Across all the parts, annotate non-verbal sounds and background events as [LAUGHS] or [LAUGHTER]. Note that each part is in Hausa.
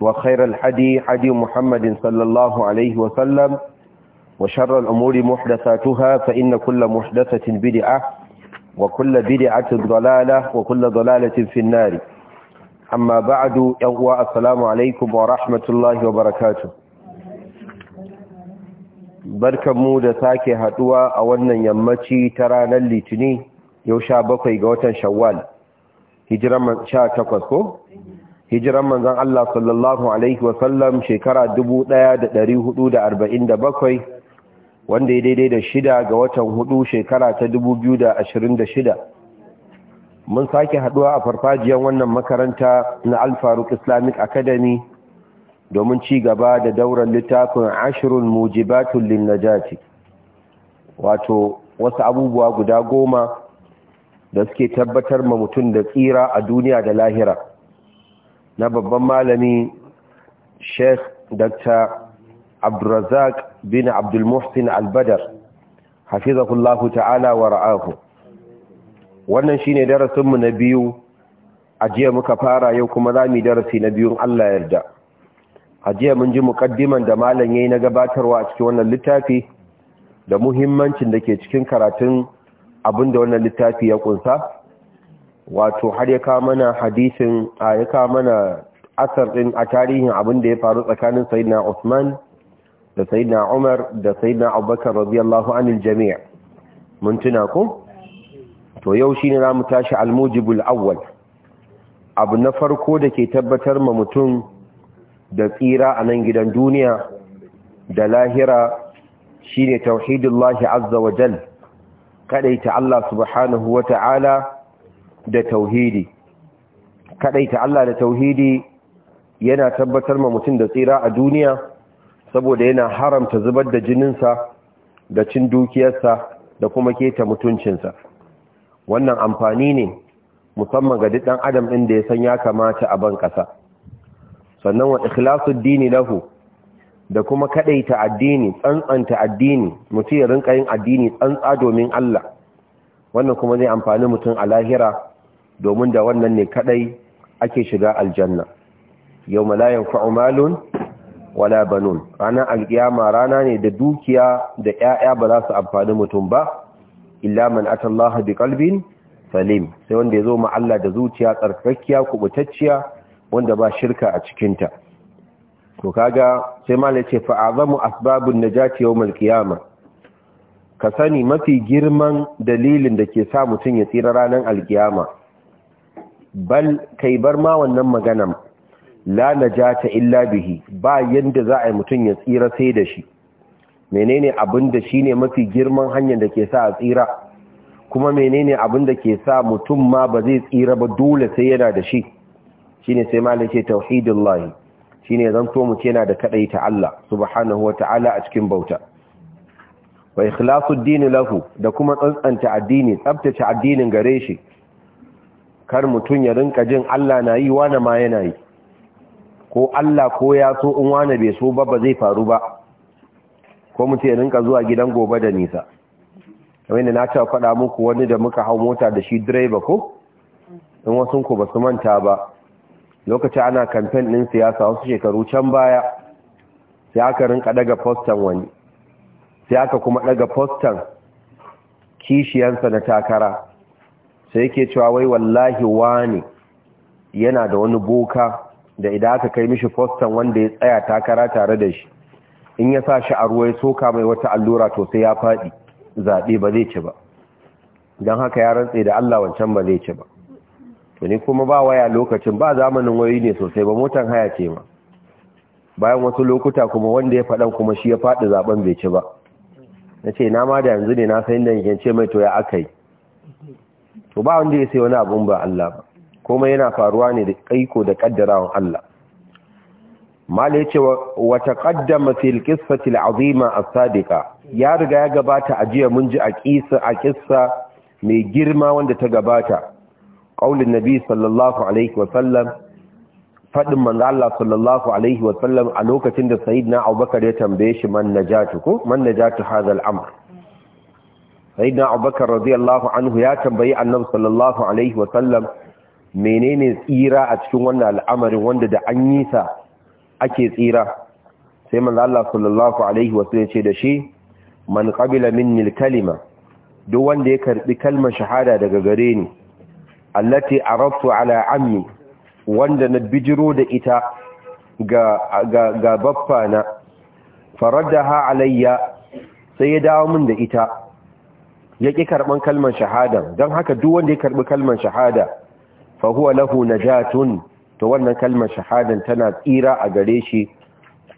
وخير الحدي حدي محمد صلى الله عليه وسلم وشر الأمور محدثاتها فإن كل محدثة بدعة وكل بدعة ضلالة وكل ضلالة في النار أما بعد يوء السلام عليكم ورحمة الله وبركاته barkan mu da sake haduwa a wannan yammaci ta ranar litini yau sha bakwai ga watan shawwal hijiran sha takwas ko hijiran manzan Allah sallallahu Alaihi wasallam shekara 1447 wanda ya daidai da shida ga watan hudu shekara ta da shida. mun sake haɗuwa a farfajiyar wannan makaranta na alfaruk islamic academy domin ci gaba da dauran littafin ashirin mujibatun linnajati wato wasu abubuwa guda goma da suke tabbatar ma mutum da tsira a duniya da lahira na babban malami sheikh dr abdulrazak bin abdulmuhsin albadar hafizahullahu ta'ala wa ra'ahu wannan shine darasinmu na biyu ajiya muka fara yau kuma za mu darasi na biyun Allah yarda ajiya jiya mun ji mukaddiman da malam yayi na gabatarwa a cikin wannan littafi da muhimmancin da ke cikin karatun abinda wannan littafi ya kunsa wato har ya kawo mana hadisin a ya kawo mana asar din a tarihin abin da ya faru tsakanin sayyidina Usman da sayyidina Umar da sayyidina Abubakar radiyallahu anil jami' mun tuna ku to yau shine zamu tashi al-mujibul awwal abu na farko da ke tabbatar ma mutum da tsira a nan gidan duniya da lahira shine tauhidullahi azza wa jalla kadaita Allah subhanahu wa ta'ala da tauhidi kadaita Allah da tauhidi yana tabbatar ma mutum da tsira a duniya saboda yana haramta zubar da jininsa da cin dukiyarsa da kuma keta mutuncinsa wannan amfani ne musamman ga duk adam ɗin da ya san ya kamata a ban ƙasa sannan wa ikhlasud dini lahu da kuma kadaita addini tsantsanta addini mutum ya rinka yin addini tsantsa domin Allah wannan kuma zai amfani mutum a lahira domin da wannan ne kadai ake shiga aljanna yau malayan fa'umalun wala banun ranar alkiyama rana ne da dukiya da 'ya'ya ba za su amfani mutum ba illa man atallaha bi qalbin salim sai wanda ya zo ma Allah da zuciya tsarkakkiya kubutacciya wanda ba shirka a cikinta to kaga sai malai ce fa azamu asbabun najati yawmal qiyama ka sani mafi girman dalilin da ke sa mutum ya tsira ranar alkiyama bal kai bar ma wannan maganan la najata illa bihi ba yanda za a yi mutum ya tsira sai da shi menene abin da shine mafi girman hanyar da ke sa a tsira kuma menene abin da ke sa mutum ma ba zai tsira ba dole sai yana da shi shine sai malai ce tauhidullah shine zanto mu ce yana da ta Allah subhanahu ta'ala a cikin bauta wa ikhlasu ddin lahu da kuma tsantsanta addini tsabtace addinin gare shi kar mutum ya rinka jin Allah na yi wani ma yana yi ko Allah ko ya so in wane bai so ba ba zai faru ba ko mutum ya rinka zuwa gidan gobe da nisa kamar da na ta faɗa muku wani da muka hau mota da shi direba ko in wasu ku ba su manta ba lokacin ana kamfen ɗin siyasa wasu shekaru can baya sai aka rinka daga fostan wani sai aka kuma daga fostan kishiyansa na takara sai yake cewa wai wallahi wani yana da wani boka da idan aka kai mishi fostan wanda ya tsaya takara tare da shi in ya sa shi a ruwa ya soka mai wata allura to sai ya faɗi zaɓe ba zai ci ba don haka ya rantse da Allah wancan ba zai ci ba to ni kuma ba waya lokacin ba zamanin wayoyi ne sosai ba motan haya ce ma bayan wasu lokuta kuma wanda ya faɗan kuma shi ya faɗi zaɓen bai ci ba na ce na ma da yanzu ne na sayin da yankin ce mai to ya aka yi to ba wanda ya sai wani abun ba Allah ba kuma yana faruwa ne da kaiko da kaddarawan Allah mala yace wa taqaddama fil qissati al'azima as-sadiqa ya riga ya gabata a jiya mun ji a kissa a kissa mai girma wanda ta gabata qaulin nabi sallallahu alaihi wa sallam fadin manzo Allah sallallahu alaihi wa sallam a lokacin da sayyidina Abubakar ya tambaye shi man najatu ko man najatu hadha amr sayyidina abubakar radiyallahu anhu ya tambayi annabi sallallahu alaihi wa menene tsira a cikin wannan al'amarin wanda da an yi sa ake tsira sai manzo Allah sallallahu alaihi wa ce da shi man qabila minni al-kalima duk wanda ya karbi kalmar shahada daga gare ni allati arattu ala ammi wanda na bijiro da ita ga ga ga baffa na faradaha alayya sai ya dawo min da ita ya ƙi karɓan kalmar shahada don haka duk wanda ya karɓi kalmar shahada fa huwa lahu najatun to wannan kalmar shahadan tana tsira a gare shi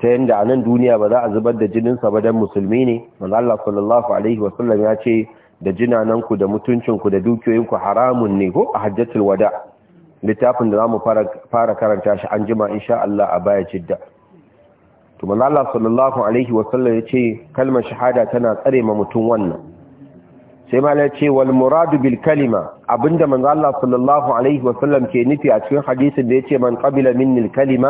ta yanda a nan duniya ba za a zubar da jininsa ba don musulmi ne manzo Allah sallallahu alaihi wa sallam ya ce da jinananku da mutuncinku da dukiyoyinku haramun ne ko a hajjatul wada littafin da zamu fara fara karanta shi an jima insha Allah a baya cidda to manzo Allah sallallahu alaihi wa sallam ya ce kalmar shahada tana tsare ma mutum wannan sai ma ce wal muradu bil kalima abinda manzo Allah sallallahu alaihi wasallam ke nufi a cikin hadisin da yace man qabila minni al kalima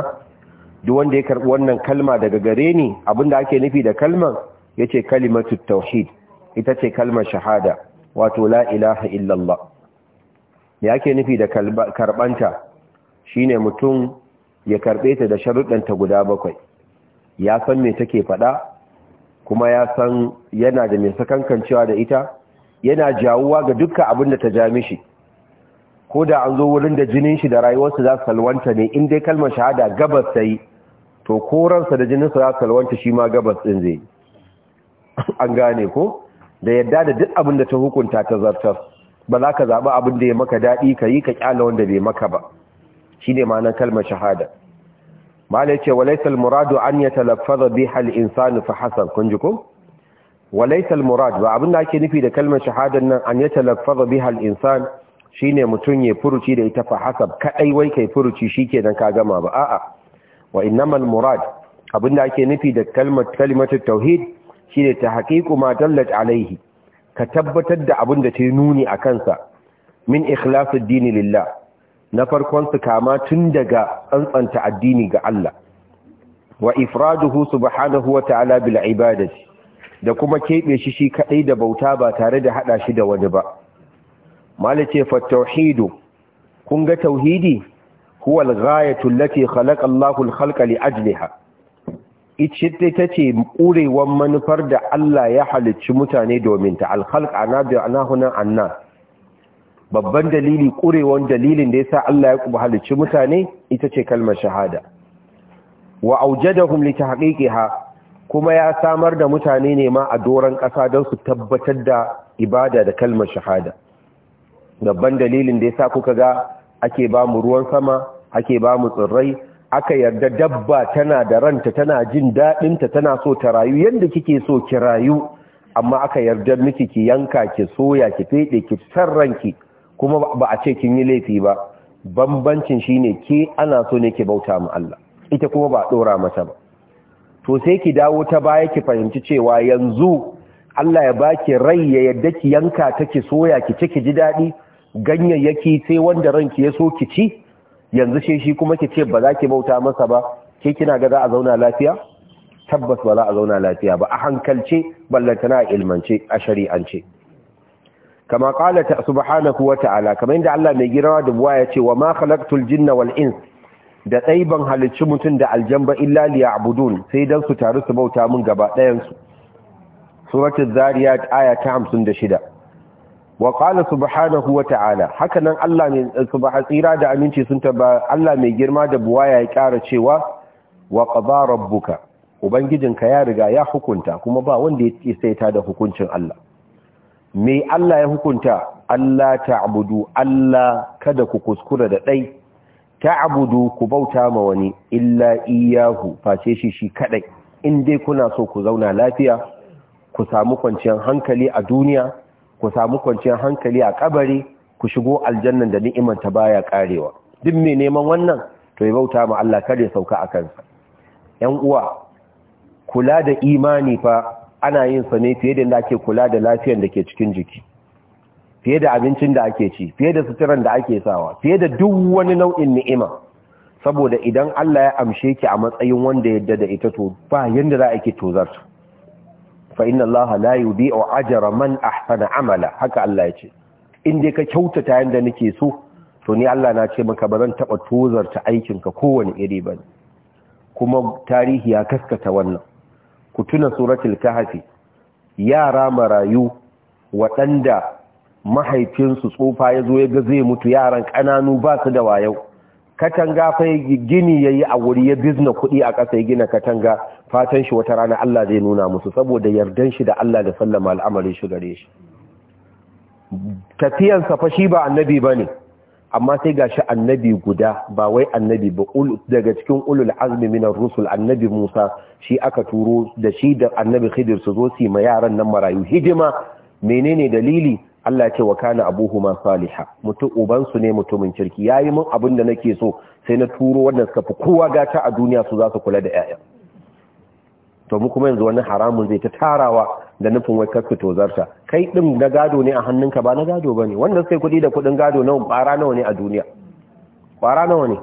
duk wanda ya karbi wannan kalma daga gare ni abinda ake nufi da kalman yace kalimatu tauhid ita ce kalmar shahada wato la ilaha illallah me ake nufi da karbanta shine mutum ya karbe ta da ta guda bakwai ya san me take faɗa kuma ya san yana da mai sakankancewa da ita yana jawuwa ga dukkan abin da ta ja mishi ko da an zo wurin da jinin shi da rayuwarsa za su salwanta ne in dai kalmar shahada gabas ta yi to koransa da jinin su za su salwanta shi ma gabas ɗin zai an gane ko da yadda da duk abin da ta hukunta ta zartar ba za ka zaɓi abin da ya maka daɗi ka yi ka ƙyala wanda bai maka ba shi ne ma'anar kalmar shahada mala ce laisal muradu an ya talaffaza bi hal insani fa hasan kun ji ko walaital murad ba abin da ake nufi da kalmar shahadar nan an ya talaffaza biha insan shine mutum ya furuci da ita fa hasab kadai wai kai furuci shikenan ka gama ba a'a wa innamal murad abin da ake nufi da kalmar kalimatut tauhid shine tahqiqu ma dallat alaihi ka tabbatar da abin da ta yi nuni a kansa min ikhlasu dini lillah na farkon su kama tun daga tsantsanta addini ga Allah wa ifraduhu subhanahu wa ta'ala bil ibadati da kuma keɓe shi shi kaɗai da bauta ba tare da haɗa shi da wani ba malice fattauhidu kun ga tauhidi huwa al-ghayatu allati khalaqa Allahu khalqa li ajliha ita ce ƙurewar manufar da Allah ya halicci mutane domin ta al-khalq ana bi ana anna babban dalili ƙurewar dalilin da yasa Allah ya kuma halicci mutane ita ce kalmar shahada wa aujadahum li tahqiqiha kuma ya samar da mutane ne ma a doron ƙasa don su tabbatar da ibada da kalmar shahada babban dalilin da ya sa kuka ga ake ba mu ruwan sama ake ba mu tsirrai aka yarda dabba tana da ranta tana jin daɗinta tana so ta rayu yadda kike so ki rayu amma aka yarda miki ki yanka ki soya ki feɗe ki sarranki kuma ba a ce kin yi laifi ba bambancin shine ke ana so ne ke bauta ma Allah ita kuma ba ɗora mata ba to sai ki dawo ta baya ki fahimci cewa yanzu Allah ya baki rai ya yadda ki yanka ta ki soya ki ci ki ji daɗi ganyayyaki sai wanda ranki ya so ki ci yanzu sai shi kuma ki ce ba za ki bauta masa ba ke kina ga za a zauna lafiya tabbas ba za a zauna lafiya ba a hankalce ballantana a ilmance a shari'ance kama qala ta subhanahu wa ta'ala kamar inda Allah mai girma da buwa ya ce wa ma khalaqtul jinna wal ins da ɗai ban halicci mutum da aljamba illa liya abudun sai don su taru su bauta mun gaba ɗayansu suratun zariya aya ta hamsin da shida wa su subhanahu huwa ta'ala haka nan Allah ne eh, subhanahu tsira da aminci sun taba Allah mai girma da buwa ya yi ƙara cewa wa qada rabbuka ubangijinka ya riga ya hukunta kuma ba wanda ya sai ta da hukuncin Allah me Allah ya hukunta Allah ta abudu Allah kada ku kuskura da ɗai Ta abudu ku bauta ma wani illa iyahu face shi shi kadai in dai kuna so ku zauna lafiya ku samu kwanciyar hankali a duniya ku samu kwanciyar hankali a kabari ku shigo aljannan da ni'imar ta baya karewa duk mai neman wannan to ya bauta ma Allah kar ya sauka a kansa yan uwa kula da imani fa ana yin sa ne fiye da nake ake kula da lafiyar da ke cikin jiki fiye da abincin da ake ci fiye da suturan da ake sawa fiye da duk wani nau'in ni'ima saboda idan Allah ya amshe ki a matsayin wanda yadda da ita to ba yanda za a ke tozar fa inna Allah la yudhi'u ajra man ahsana amala haka Allah ya ce in dai ka kyautata yanda nake so to ni Allah na ce maka ba zan taba aikin ka kowane iri bane kuma tarihi ya kaskata wannan ku tuna suratul kahfi yara marayu waɗanda mahaifinsu tsufa ya zo ya ga zai mutu yaran ƙananu ba su da wayau katanga fa gini ya yi a wuri ya bizna kuɗi a ƙasa ya gina katanga fatan shi wata rana Allah zai nuna musu saboda yardan shi da Allah da sallama al'amarin shi gare shi tafiyansa fa shi ba annabi ba ne amma sai ga shi annabi guda ba wai annabi ba daga cikin ulul azmi minar rusul annabi musa shi aka turo da shi da annabi khidir su zo su yi ma yaran nan marayu hidima menene dalili Allah ya ce wa kana abuhuma saliha mutum ubansu ne mutumin kirki yayi mun abin da nake so sai na turo wannan suka fi kowa gata a duniya su za su kula da 'ya'ya. to mu kuma yanzu wani haramun zai ta tarawa da nufin wai kasu tozarta kai din na gado ne a hannunka ba na gado bane wanda sai kudi da kudin gado nawa bara nawa ne a duniya bara nawa ne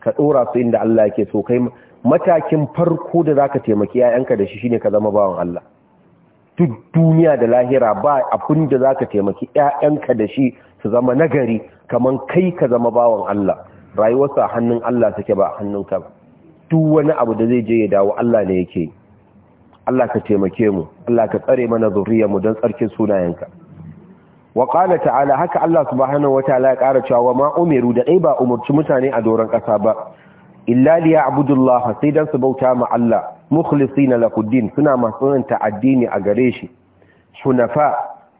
ka dora su inda Allah yake so kai matakin farko da zaka taimaki 'ya'yanka da shi shine ka zama bawan Allah duk duniya da lahira ba abin da za ka taimaki 'ya'yanka da shi su zama nagari kamar kai ka zama bawon Allah rayuwarsa hannun Allah take ba hannunka ba duk wani abu da zai je ya dawo Allah ne yake Allah ka taimake mu Allah ka tsare mana zuriyar mu don tsarkin sunayenka wa qala ta'ala haka Allah subhanahu wataala ya ƙara cewa ma umiru da ai ba umarci mutane a doron ƙasa ba illa li sai dan su bauta ma Allah mukhlisina lakuddin suna masu ranta addini a gare shi hunafa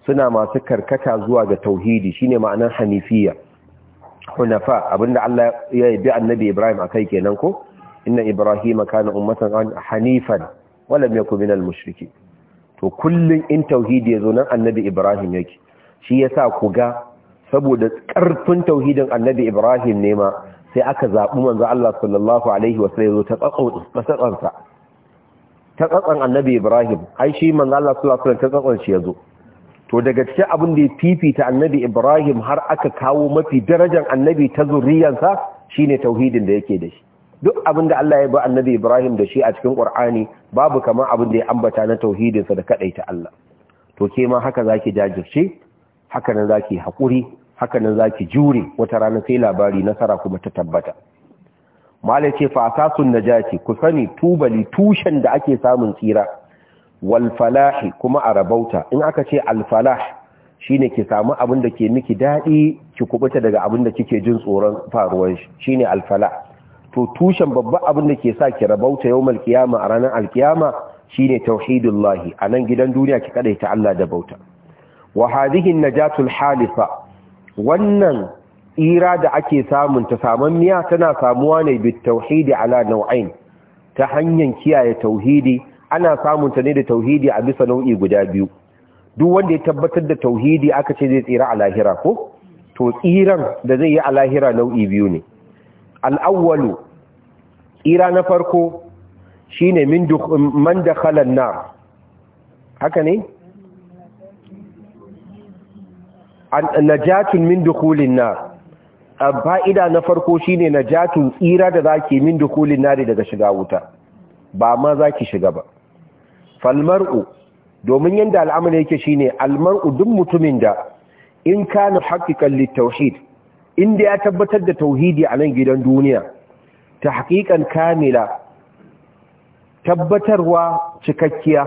suna masu karkata zuwa ga tauhidi shine ma'anar hanifiya hunafa abinda Allah ya bi annabi Ibrahim akai kenan ko inna ibrahima kana ummatan hanifan wala yakun minal mushriki to kullun in tauhidi yazo nan annabi Ibrahim yake shi yasa ku ga saboda karfin tauhidin annabi Ibrahim ne ma sai aka zaɓi manzo Allah sallallahu alaihi wasallam ta tsatsansa ta tsatsan annabi Ibrahim ai shi manzo Allah sallallahu alaihi wasallam ta tsatsan shi yazo to daga cikin abin da ya fifita annabi Ibrahim har aka kawo mafi darajar annabi ta zuriyarsa shine tauhidin da yake da shi duk abin da Allah ya ba annabi Ibrahim da shi a cikin ƙur'ani babu kamar abin da ya ambata na tauhidinsa da ta Allah to ke ma haka zaki jajirce haka nan zaki hakuri haka nan zaki jure wata rana sai labari nasara kuma ta tabbata malai ce fa asasun najati ku sani tubali tushen da ake samun tsira wal falahi kuma a rabauta in aka ce al falah shine ki samu abin da ke miki dadi ki kubuta daga abin da kike jin tsoron faruwar shi shine al falah to tushen babban abin da ke sa ki rabauta yawmal qiyama a ranar al qiyama shine tauhidullahi anan gidan duniya ki kadaita Allah da bauta wa hadhihi najatul halifa wannan tsira da ake samun ta saman miya tana samuwa ne bi tauhidi ala nau'ain ta hanyar kiyaye tauhidi ana samun ta ne da tauhidi a bisa nau'i guda biyu duk wanda ya tabbatar da tauhidi aka ce zai tsira a lahira ko to tsiran da zai yi a lahira nau'i biyu ne al'awwalu tsira na farko shine min man dakhala an-nar haka ne najatun min dukulin na fa'ida na farko shi ne najatun tsira da zaki min dukulin nari daga shiga wuta ba ma zaki shiga ba falmar'u domin yadda al'amari yake shi ne, almar'u duk mutumin da in kana haqiqan litauhid inda ya tabbatar da tauhidi a nan gidan duniya ta haƙiƙan kamila tabbatarwa cikakkiya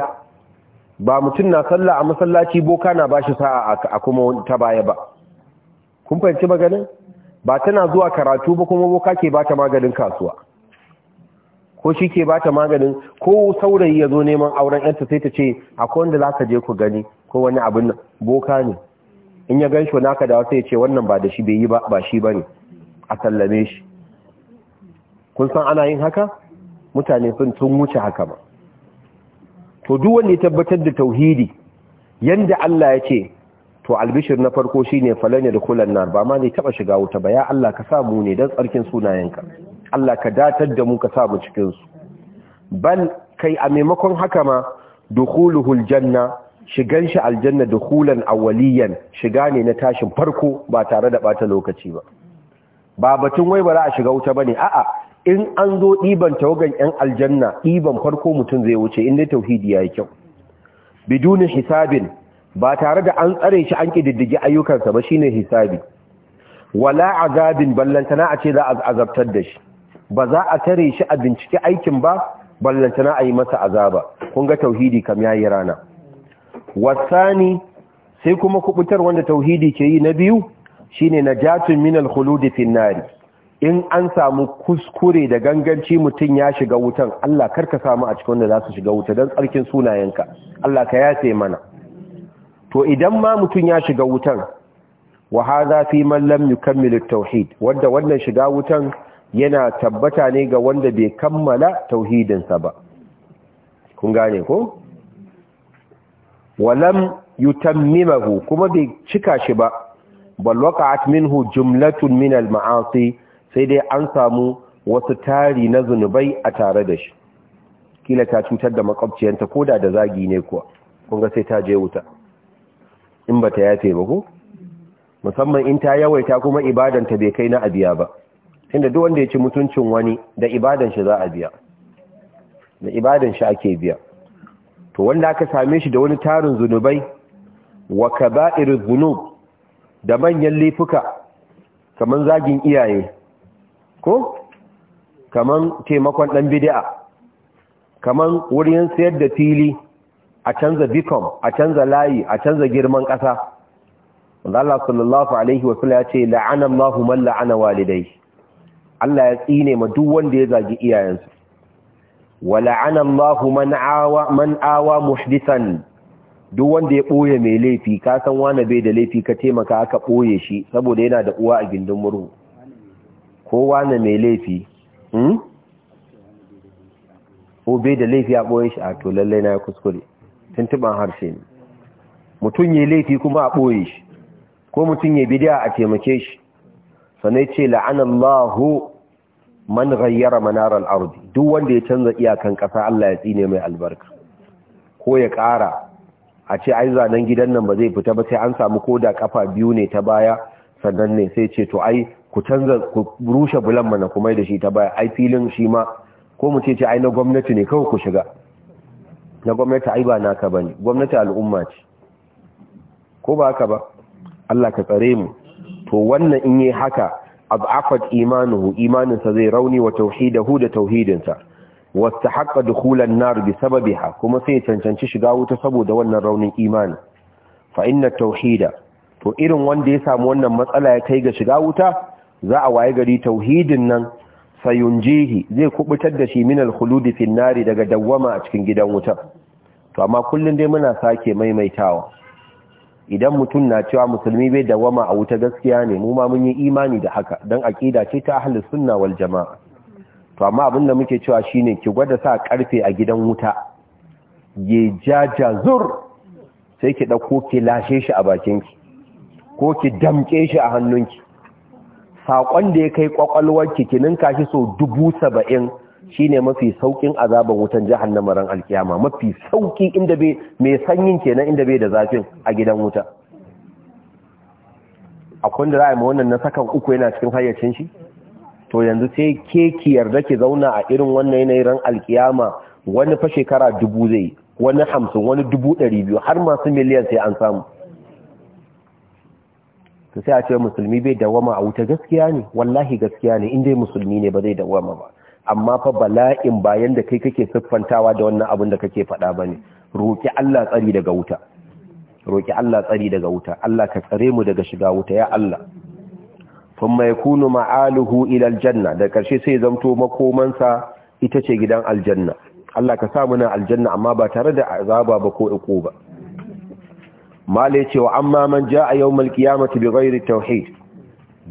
ba mutum na sallah a masallaci boka na bashi sa'a a kuma ta baya ba kun fahimci maganin ba tana zuwa karatu ba kuma boka ke bata maganin kasuwa ko shi ke bata maganin ko saurayi ya zo neman auren yanta sai ta ce akwai wanda za ka je ku gani ko wani abin boka ne in ya gan shi da wasu dawa ya ce wannan ba da shi bai yi ba ba shi ba ne a sallame shi kun san ana yin haka mutane sun tun wuce haka ba to duk wanda ya tabbatar da tauhidi yanda Allah ya ce to albishir na farko shine falanya da kulan nar ba ma ne taba shiga wuta ba ya Allah ka samu mu ne dan tsarkin sunayenka Allah ka datar da mu ka samu cikinsu. cikin su bal kai a maimakon haka ma dukhuluhul janna shigan shi aljanna dukhulan awwaliyan shiga ne na tashin farko ba tare da bata lokaci ba ba batun wai ba za a shiga wuta bane a'a in an zo ɗiban tawagan 'yan aljanna ɗiban farko mutum zai wuce inda tauhidi ya yi kyau bidunin hisabin ba tare da an tsare shi an ƙididdigi ayyukansa ba shine hisabi wala azabin ballantana a ce za a azabtar da shi ba za a tare shi a bincike aikin ba ballantana a yi masa azaba kun ga tauhidi kam ya yi rana wasani sai kuma kubutar wanda tauhidi ke yi na biyu shine najatun minal khuludi fin nari in an samu kuskure da ganganci mutum ya shiga wutan Allah karka samu a cikin wanda za su shiga wuta don tsarkin sunayenka Allah ka yace mana to idan ma mutum ya shiga wutan wa hadha fi man lam yukammil tauhid wanda wannan shiga wutan yana tabbata ne ga wanda bai kammala tauhidinsa ba kun gane ko walam yutammimahu kuma bai cika shi ba bal waqa'at minhu jumlatun min al ma'asi sai dai an samu wasu tari na zunubai a tare da shi kila ta cutar da makwabciyanta ko da zagi ne kuwa kunga sai ta je wuta in ba ta yafe ba ko musamman in ta yawaita kuma ibadanta bai kai na abiya ba inda duk wanda ya ci mutuncin wani da ibadan shi za a biya da ibadan shi ake biya to wanda aka same shi da wani tarin zunubai wa kaba'iruz zunub da manyan laifuka kamar zagin iyaye ko kaman taimakon ɗan bidi'a kaman wurin sayar da fili a canza bikom a canza layi a canza girman ƙasa Allah sallallahu alaihi wa sallam ya ce la'ana Allahu man la'ana walidai Allah ya tsine ma duk wanda ya zagi iyayensu wa la'ana Allahu man awa man awa muhdisan duk wanda ya ɓoye mai laifi ka san wani bai da laifi ka taimaka aka ɓoye shi saboda yana da uwa a gindin murhu kowa na mai laifi hmm? obe da laifi a ɓoye shi a to lallai na ya kuskure tuntuban harshe ne mutum ya laifi kuma a ɓoye shi ko mutum ya bidiya a taimake shi sanai ce la'anallahu man ghayyara manar duk wanda ya canza iyakan ƙasa Allah ya tsine mai albarka ko ya ƙara a ce ai zanen gidan nan ba zai fita ba sai an samu koda kafa biyu ne ta baya sannan ne sai ce to ai ku canza ku rushe bulan mana kuma da shi ta baya ai filin shi ma ko mu ce ce ai na gwamnati ne kawai ku shiga na gwamnati ai ba naka bane gwamnati al'umma ce ko ba haka ba Allah ka tsare mu to wannan in yi haka ab'afat imanuhu imaninsa zai rauni wa tauhidahu da tauhidinsa wastahaqqa dukhulan nar bi sababiha kuma sai cancanci shiga wuta saboda wannan raunin imani fa inna tauhida to irin wanda ya samu wannan matsala ya kai ga shiga wuta za a waye gari tauhidin nan sayunjihi zai kubutar da shi min al-khulud fi daga dawwama a cikin gidan wutar to amma kullun dai muna sake maimaitawa idan mutum na cewa musulmi bai dawwama a wuta gaskiya ne mu ma mun yi imani da haka dan akida ce ta ahlus sunna wal jamaa to amma abin da muke cewa shine ki gwada sa karfe a gidan wuta ye jaja zur sai ki dauko ki lashe shi a bakin ki, ko ki damke shi a hannunki saƙon da ya kai ƙwaƙwalwar kikinin kashi so dubu saba'in shi ne mafi sauƙin azaban wutan na ran alkiyama mafi sauƙi inda bai mai sanyin kenan inda bai da zafin a gidan wuta akwai da ra'ayi wannan na sakan uku yana cikin hayyacin shi to yanzu sai ke ki yarda ki zauna a irin wannan yanayin ran alkiyama wani fa shekara dubu zai wani hamsin wani dubu ɗari biyu har masu miliyan sai an samu to sai a ce musulmi bai dawama a wuta gaskiya ne wallahi gaskiya ne in dai musulmi ne ba zai dawama ba amma fa bala'in bayan da kai kake siffantawa da wannan abin da kake faɗa ba ne Roki Allah tsari daga wuta roƙi Allah tsari daga wuta Allah ka tsare mu daga shiga wuta ya Allah ya kunu ma'aluhu ila aljanna da ƙarshe sai zamto makomansa ita ce gidan aljanna Allah ka sa mu na aljanna amma ba tare da azaba ba ko iko ba cewa yace wa amma man yau yawmal qiyamati bighairi tauhid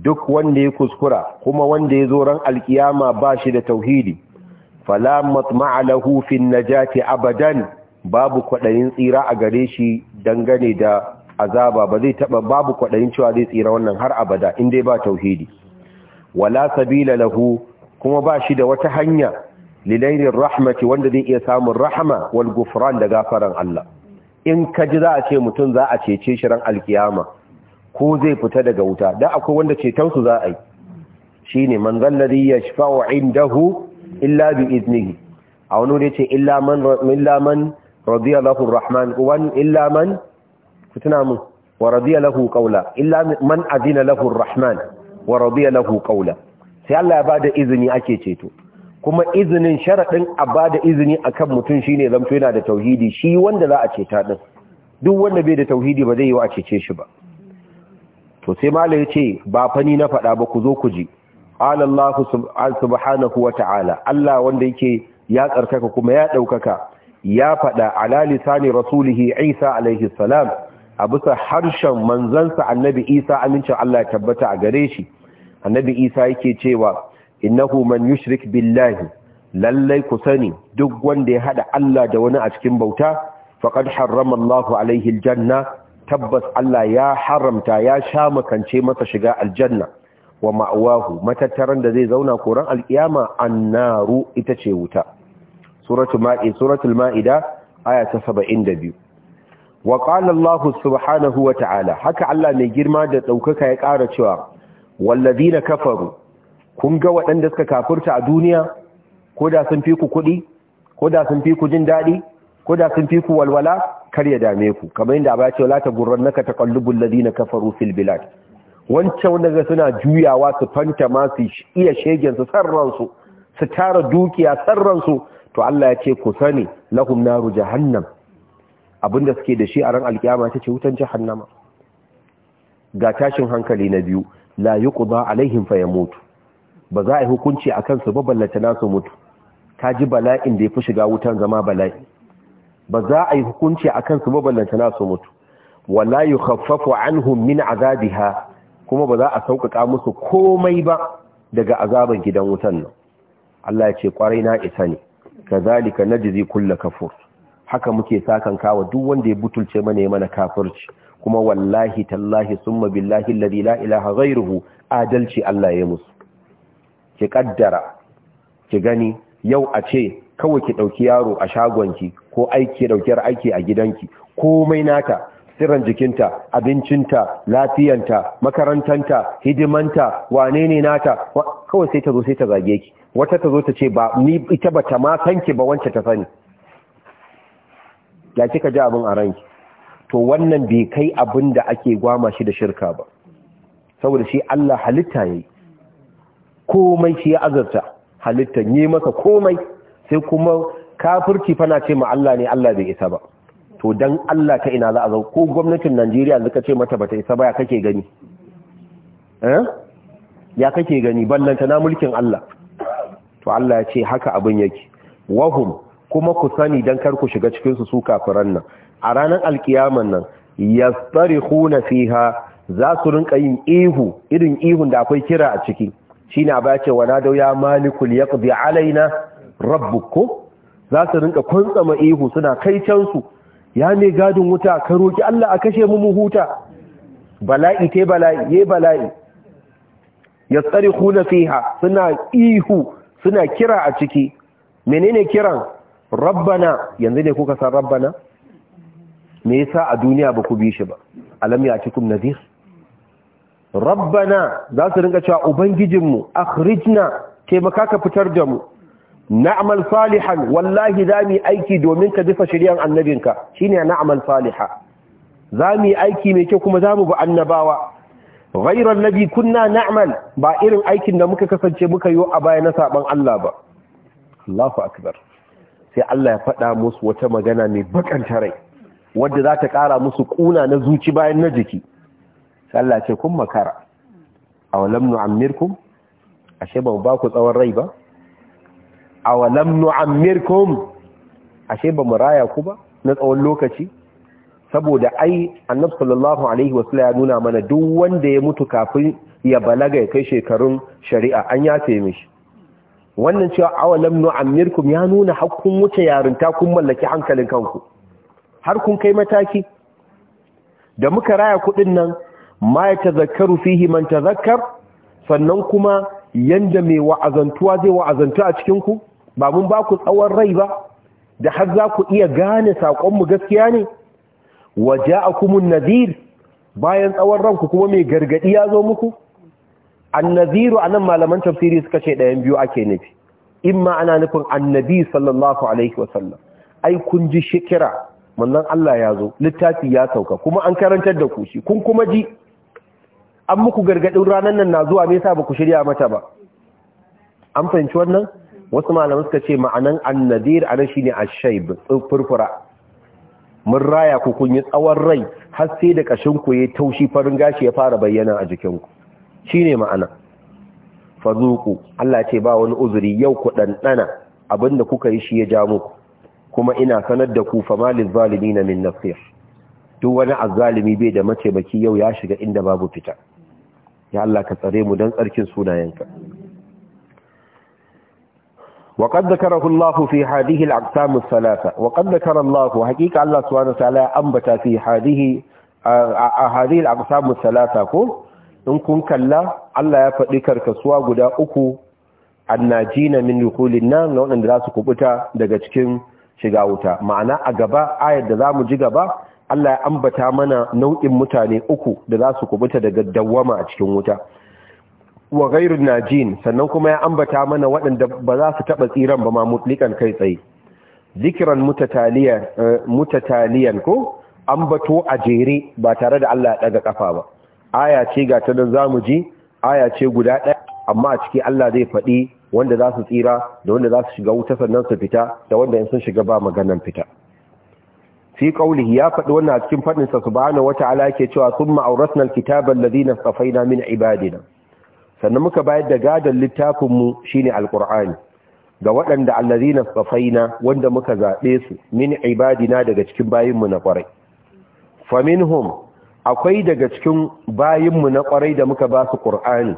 duk wanda ya kuskura kuma wanda ya zo ran alkiyama ba shi da tauhidi fala matma'a fin najati abadan babu kwaɗayin tsira a gare shi dangane da azaba ba zai taba babu kwaɗayin cewa zai tsira wannan har abada in dai ba tauhidi wala sabila lahu kuma ba shi da wata hanya lilairin rahmati wanda zai iya samun rahama wal gufran da gafaran Allah in ka ji za a ce mutum za a cece shi ran alkiyama ko zai fita daga wuta da akwai wanda cetonsu za a yi shi ne man zallari ya shifa wa indahu illa bi iznihi a wani wuri ce illa man radiya lahu rahman wan illa man fitina mun wa radiya lahu qawla illa man adina lahu rahman wa radiya lahu qawla sai Allah ya da izini ake ceto kuma izinin sharaɗin a ba da izini a kan mutum shi ne zamto yana da tauhidi shi wanda za a ceta ɗin duk wanda bai da tauhidi ba zai yi wa a cece shi ba to sai mala ya ce ba fani na faɗa ba ku zo ku ji alallahu subhanahu wa ta'ala Allah wanda yake ya tsarkaka kuma ya ɗaukaka ya faɗa ala lisani rasulihi isa alaihi salam a bisa harshen manzansa annabi isa amincin Allah ya tabbata a gare shi annabi isa yake cewa innahu man yushrik billahi lallai ku sani duk wanda ya hada Allah da wani a cikin bauta faqad harrama Allahu alaihi aljanna tabbas Allah ya haramta ya sha makance masa shiga aljanna wa ma'awahu matattaran da zai zauna koran alkiyama annaru ita ce wuta suratul ma'i suratul ma'ida aya ta 72 wa qala subhanahu wa ta'ala haka Allah mai girma da daukaka ya ƙara cewa wallazina kafaru kun ga waɗanda suka kafurta a duniya ko da sun fi ku kuɗi ko da sun fi ku jin daɗi ko da sun fi ku walwala kar ya dame ku kamar yadda ba ce la ta gurran naka taqallubul ladina kafaru fil bilad wancan ga suna juyawa su fanta ma su iya shegen su sarran su su tara dukiya sarran su to Allah ya ce ku sani lahum naru jahannam abinda suke da shi a ran alkiyama ta ce wutan jahannama ga tashin hankali na biyu la yuqda alaihim fayamutu ba za a yi hukunci a kansu ba ballata nasu mutu ka ji bala'in da ya fi shiga wutan zama bala'i ba za a yi hukunci a kansu ba ballata nasu mutu wala yi khaffafu anhum min ha kuma ba za a sauƙaƙa musu komai ba daga azabar gidan wutan nan Allah ya ce ƙwarai na isa ne ka na jizi kulle kafur haka muke sakan kawa duk wanda ya butulce mana mana kafirci kuma wallahi tallahi summa billahi alladhi la ilaha ghairuhu adalci Allah ya musu ki kaddara ki gani yau a ce kawai ki dauki yaro a shagonki ko aiki daukar aiki a gidanki komai naka siran jikinta abincinta lafiyanta makarantanta hidimanta wane ne nata kawai sai ta zo sai ta zage ki wata ta zo ta ce ba ni ita bata ma san ki ba wance ta sani ya kika ji abin a ranki to wannan bai kai abin da ake gwama shi da shirka ba saboda shi Allah halitta yayi komai shi ya azarta halittar yi masa komai sai kuma kafirci fana ce ma Allah ne Allah bai isa ba to dan Allah ta ina za a zau ko gwamnatin Najeriya zuka ce mata bata isa ba ya kake gani eh? ya kake gani ballanta na mulkin Allah to Allah ya ce haka abin yake wahum kuma ku sani dan kar ku shiga cikin su su kafiran nan a ranar alkiyaman nan yastarihuna fiha za su rinka yin ihu irin ihun da akwai kira a ciki shi na ba ce na dau ya malikul ya ƙabi alaina rabbuku za su rinka kwantsama ihu suna kai cansu ya ne gadin wuta ka roƙi Allah a kashe mu mu huta bala'i te bala'i ye bala'i ya tsari huna fiha suna ihu suna kira a ciki menene kiran rabbana yanzu ne kuka san rabbana me yasa a duniya ba ku bi shi ba alam ya cikum nadir rabbana za su rinka cewa ubangijinmu akhrijna taimaka ka fitar da mu na'mal salihan wallahi za mu aiki domin ka dufa shiryan annabinka shine na'mal saliha za mu aiki mai kyau kuma za mu bi annabawa ghayra alladhi kunna na'mal ba irin aikin da muka kasance muka yi a baya na saban Allah ba Allahu akbar sai Allah ya faɗa musu wata magana mai bakanta rai wadda za ta ƙara musu ƙuna na zuci bayan na jiki sallah ce kun makara A awalam amirkum? ashe ba ba ku tsawon rai ba A awalam amirkum? ashe ba mu raya ku ba na tsawon lokaci saboda ai annabi sallallahu alaihi wasallam ya nuna mana duk wanda ya mutu kafin ya balaga ya kai shekarun shari'a an ya ce mishi wannan cewa awalam nu'ammirkum ya nuna hakkun wuce yarinta kun mallaki hankalin kanku har kun kai mataki da muka raya kudin nan ma ya tazakkaru fihi man tazakkar sannan kuma yanda mai wa'azantuwa zai wa'azantu a cikinku? ku ba mun ba ku tsawon rai ba da har za ku iya gane saƙonmu gaskiya ne Waje a ja'akumun Naziru, bayan tsawon ranku kuma mai gargadi ya zo muku annaziru anan malaman tafsiri suka ce ɗayan biyu ake nufi ma ana nufin annabi sallallahu alaihi wasallam ai kun ji shikira Mannan Allah ya zo littafi ya sauka kuma an karantar da ku shi kun kuma ji an muku gargadin ranar nan na zuwa me yasa baku shirya mata ba an fahimci wannan wasu malamai suka ce ma'anan annadir anan shine a shayb furfura mun raya ku kun yi tsawon rai har sai da kashin ku yayi taushi farin gashi ya fara bayyana a jikin ku shine ma'ana fazuku Allah ce ba wani uzuri yau ku dandana abinda kuka yi shi ya ja muku kuma ina sanar da ku famalil zalimin min nasir duk wani azzalimi bai da mataimaki yau ya shiga inda babu fita ya Allah ka tsare mu don tsarkin sunayenka وقد ذكره الله في هذه الأقسام الثلاثة وقد ذكر الله حقيقة الله سبحانه وتعالى أنبت في هذه هذه الأقسام الثلاثة كم إن كن كلا الله يفذكر كسوا قد أكو الناجين من دخول النار لو أن دراسة كبتا دقشكم شقاوتا معنى أقبا آية دزام جقبا Allah ya ambata mana nau'in mutane uku da za su kubuta daga dawwama a cikin wuta wa na jin sannan kuma ya ambata mana waɗanda ba za su taɓa tsiran ba ma mutlikan kai tsaye zikiran mutataliyan eh, mutataliyan ko ambato a jere ba tare da Allah ya daga kafa ba aya ce ga ta nan zamu ji aya ce guda ɗaya amma a ciki Allah zai faɗi wanda za su tsira da wanda za su shiga wuta sannan su fita da wanda in sun shiga ba maganan fita fi qawlihi ya faɗi wannan a cikin faɗin sa subhanahu wata'ala yake cewa thumma awrasna alkitaba alladhina safaina min ibadina sannan muka bayar da gadon littafin mu shine alqur'ani ga waɗanda alladhina safaina wanda muka zabe su min ibadina daga cikin bayin mu na kwarai faminhum akwai daga cikin bayin na kwarai da muka ba su qur'ani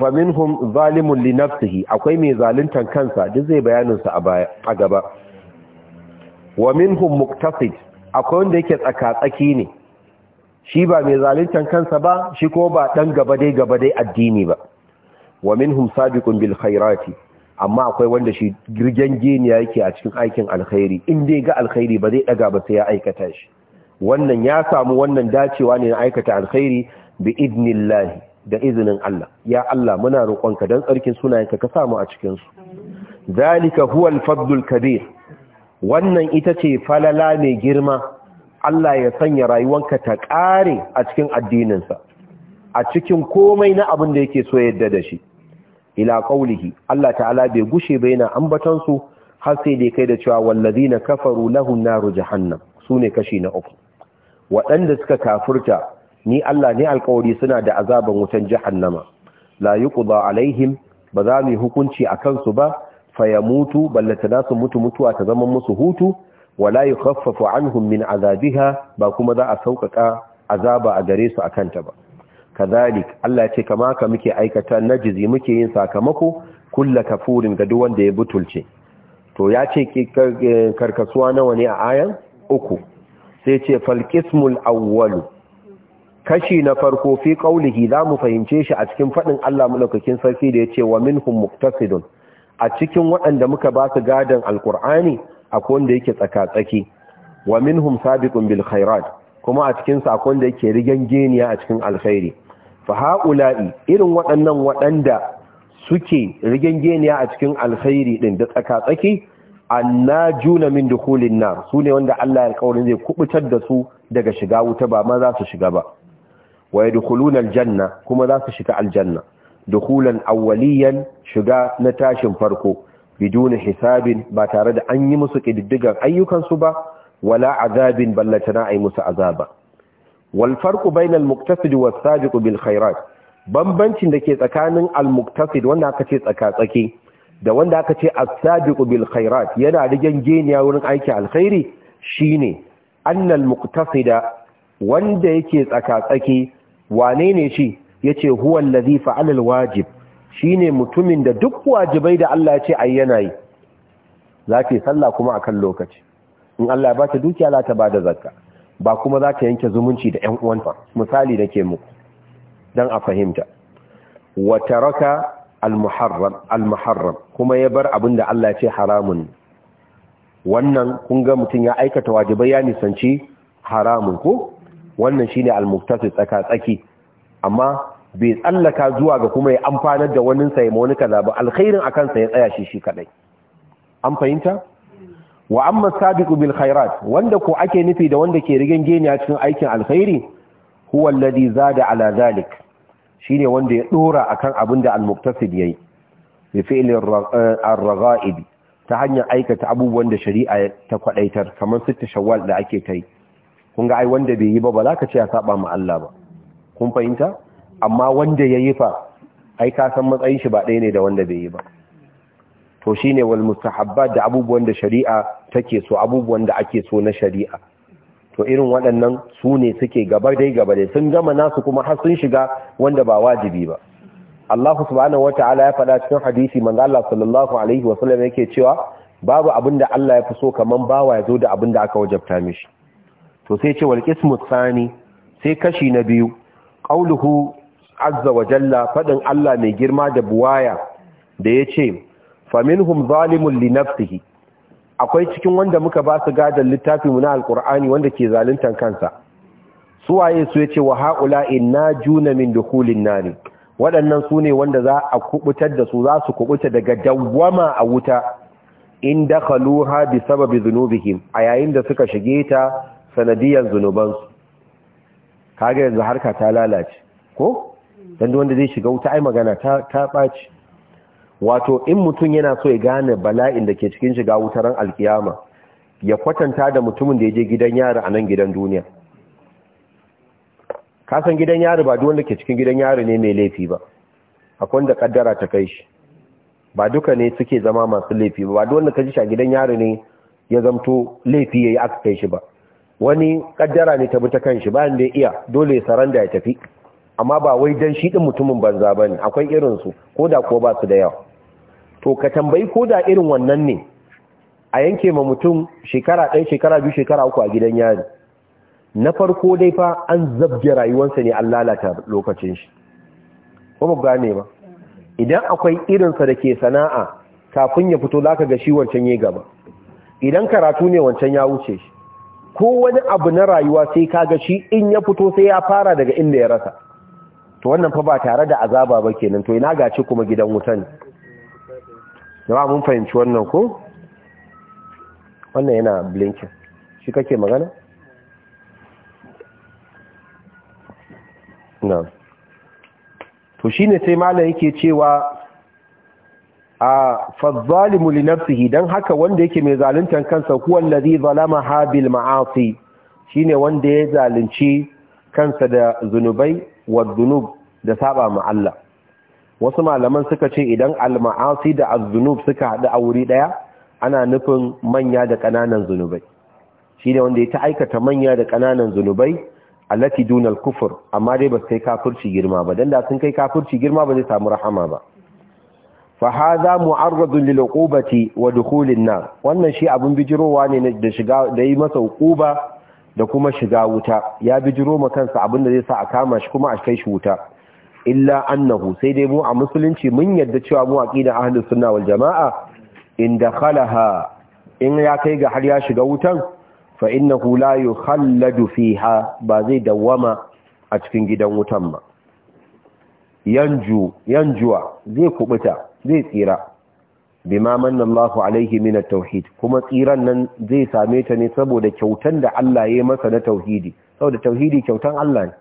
faminhum zalimun li nafsihi akwai mai zaluntan kansa duk zai bayanin sa a gaba wa hun muktasid akwai wanda yake tsakatsaki ne shi ba mai zaluntan kansa ba shi ko ba ɗan gaba dai gaba dai addini ba wa hun sabikun bil khairati amma akwai wanda shi girgen geniya yake a cikin aikin alkhairi in dai ga alkhairi ba zai daga ba sai ya aikata shi wannan ya samu wannan dacewa ne na aikata alkhairi bi idnillahi da izinin Allah ya Allah muna roƙonka dan tsarkin sunayenka ka samu a cikin su zalika huwal fadlul kabir wannan ita ce falala mai girma Allah ya sanya rayuwanka ta ƙare a cikin addininsa a cikin komai na abin da yake so yadda da shi ila qaulihi Allah ta'ala bai gushe bai na ambatan har sai dai kai da cewa wallazi wallazina kafaru lahum naru jahannam sune kashi na uku waɗanda suka kafurta ni Allah ne alƙawari suna da azaban wutan jahannama la yuqda alaihim ba za mu hukunci a kansu ba fayamutu za su mutu mutuwa ta zama musu hutu wala yukhaffafu anhum min azabiha ba kuma za a sauƙaƙa azaba a gare su akan ba kazalik Allah ya ce kama ka muke aikata najizi muke yin sakamako kulla kafurin ga duk wanda ya butulce to ya ce eh, karkasuwa nawa ne a ayan uku sai ce falqismul awwal kashi na farko fi qaulihi zamu fahimce shi a cikin fadin Allah mulkokin sarki da yace wa minhum muqtasidun a cikin waɗanda muka ba su gadon alkur'ani akwai wanda yake tsaka-tsaki wa minhum sabiqun bil khairat kuma a cikin sa akwai wanda yake geniya a cikin alkhairi fa haula'i irin waɗannan waɗanda suke rigen geniya a cikin alkhairi ɗin da tsaka-tsaki annajuna min dukhulin nar ne wanda Allah ya alƙawarin zai kubutar da su daga shiga wuta ba ma za su shiga ba wa yadkhuluna aljanna kuma za su shiga aljanna dukulan awwaliyan shiga na tashin farko biduna hisabin ba tare da an yi musu ƙididdigan ayyukansu ba wala azabin ballatana a yi musu azaba wal farqu bainal muktasid was sabiq bil khairat bambancin da ke tsakanin al muktasid wanda aka ce tsaka tsaki da wanda aka ce as bilkhairat bil khairat yana da geniya wurin aiki alkhairi shine annal muktasida wanda yake tsaka tsaki wane ne shi Ya huwan huwan allazi wajib shi shine mutumin da duk wajibai da Allah ya ce za yi yi zaka sallah kuma akan lokaci in Allah ya ta dukiya za ta ba da zakka ba kuma za ta yanke zumunci da 'yan uwanta misali ke muku don a fahimta wata raka al kuma ya bar abin da Allah ya ce haramun wannan kun ga mutum ya aikata wajibai ya nisanci haramun ko wannan shine al-muktasid tsaka tsaki amma bai tsallaka zuwa ga kuma ya amfanar da wani sai ma wani kaza ba alkhairin akan sa ya tsaya shi shi kadai an fahimta wa amma sabiqu bil khairat wanda ko ake nufi da wanda ke rigen geniya cikin aikin alkhairi huwa alladhi zada ala zalik shine wanda ya dora akan abin da al yayi bi fi'li ar-raga'ib ta hanyar aikata abubuwan da shari'a ta kwadaitar kamar sitta shawwal da ake kai kun ga ai wanda bai yi ba ba za ka ce ya saba ma Allah ba kun fahimta amma wanda ya yi fa ai ka san matsayin shi ba ɗaya ne da wanda bai yi ba to shine wal mustahabba da abubuwan da shari'a take so abubuwan da ake so na shari'a to irin waɗannan su ne suke gaba dai gaba dai sun gama nasu kuma har sun shiga wanda ba wajibi ba Allah subhanahu wata'ala ya faɗa cikin hadisi manzo Allah sallallahu alaihi wa sallam yake cewa babu abin da Allah ya fi so kaman bawa ya zo da abin da aka wajabta mishi to sai ce wal qismu tsani sai kashi na biyu qauluhu azza wa jalla fadin Allah mai girma da buwaya da yace faminhum zalimun li akwai cikin wanda muka ba su gadan mu na alqur'ani wanda ke zaluntan kansa suwaye su yace wa haula inna juna min dukhulin nari waɗannan su ne wanda za a kubutar da su za su kubuta daga dawwama a wuta in dakhaluha bi sababi dhunubihim a yayin da suka shige ta sanadiyan zunubansu kaga yanzu harka ta lalace ko dan wanda zai shiga wuta ai magana ta ta baci wato in mutum yana so ya gane bala'in da ke cikin shiga wutar alkiyama ya kwatanta da mutumin da ya je gidan yari a nan gidan duniya kasan gidan yari ba duk wanda ke cikin gidan yari ne mai laifi ba akwai wanda kaddara ta kai shi ba duka ne suke zama masu laifi ba duk wanda ka ji a gidan yaro ne ya zamto laifi yayi aka kai shi ba wani kaddara ne ta bi ta shi bayan da ya iya dole ya saranda ya tafi amma ba wai dan shi din mutumin banza bane akwai irinsu su da ko ba su da yawa to ka tambayi ko da irin wannan ne a yanke ma mutum shekara ɗaya shekara biyu shekara uku a gidan yari na farko dai fa an zabge rayuwarsa ne an lalata lokacin shi ko ba gane ba idan akwai irinsa da ke sana'a kafin ya fito zaka ga shi wancan ya gaba idan karatu ne wancan ya wuce shi ko wani abu na rayuwa sai kaga shi in ya fito sai ya fara daga inda ya rasa to wannan fa ba tare da azaba ba kenan to ina gaci kuma gidan wuta ne jama'a mun fahimci wannan ko wannan yana blinking shi kake magana na to shine sai malam yake cewa a fazzalimu li nafsihi dan haka wanda yake mai zaluntan kansa huwa allazi zalama ha bil ma'asi shine wanda ya zalunci kansa da zunubai wa dhunub da saba ma Allah wasu malaman suka ce idan al ma'asi da az-zunub suka hadu a wuri daya ana nufin manya da kananan zunubai shine wanda ya ta aikata manya da kananan zunubai allati dunal kufur amma dai ba sai kafirci girma ba dan da sun kai kafirci girma ba zai samu rahama ba fa hadha mu'arradun lil uqubati wa dukhulin nar wannan shi abun bijirowa ne da shiga da yi masa uquba da kuma shiga wuta ya bijiro ma kansa abin da zai sa a kama shi kuma a kai shi wuta illa annahu sai dai mu a musulunci mun yadda cewa mu aqida ahlus sunna wal jamaa in dakhalaha in ya kai ga har ya shiga wutan fa innahu la yukhalladu fiha ba zai dawwama a cikin gidan wutan ba yanju yanjuwa zai kubuta zai tsira bima manna Allahu alaihi min tauhid kuma tsiran nan zai same ta ne saboda kyautan da Allah ya masa na tauhidi saboda tauhidi kyautan Allah ne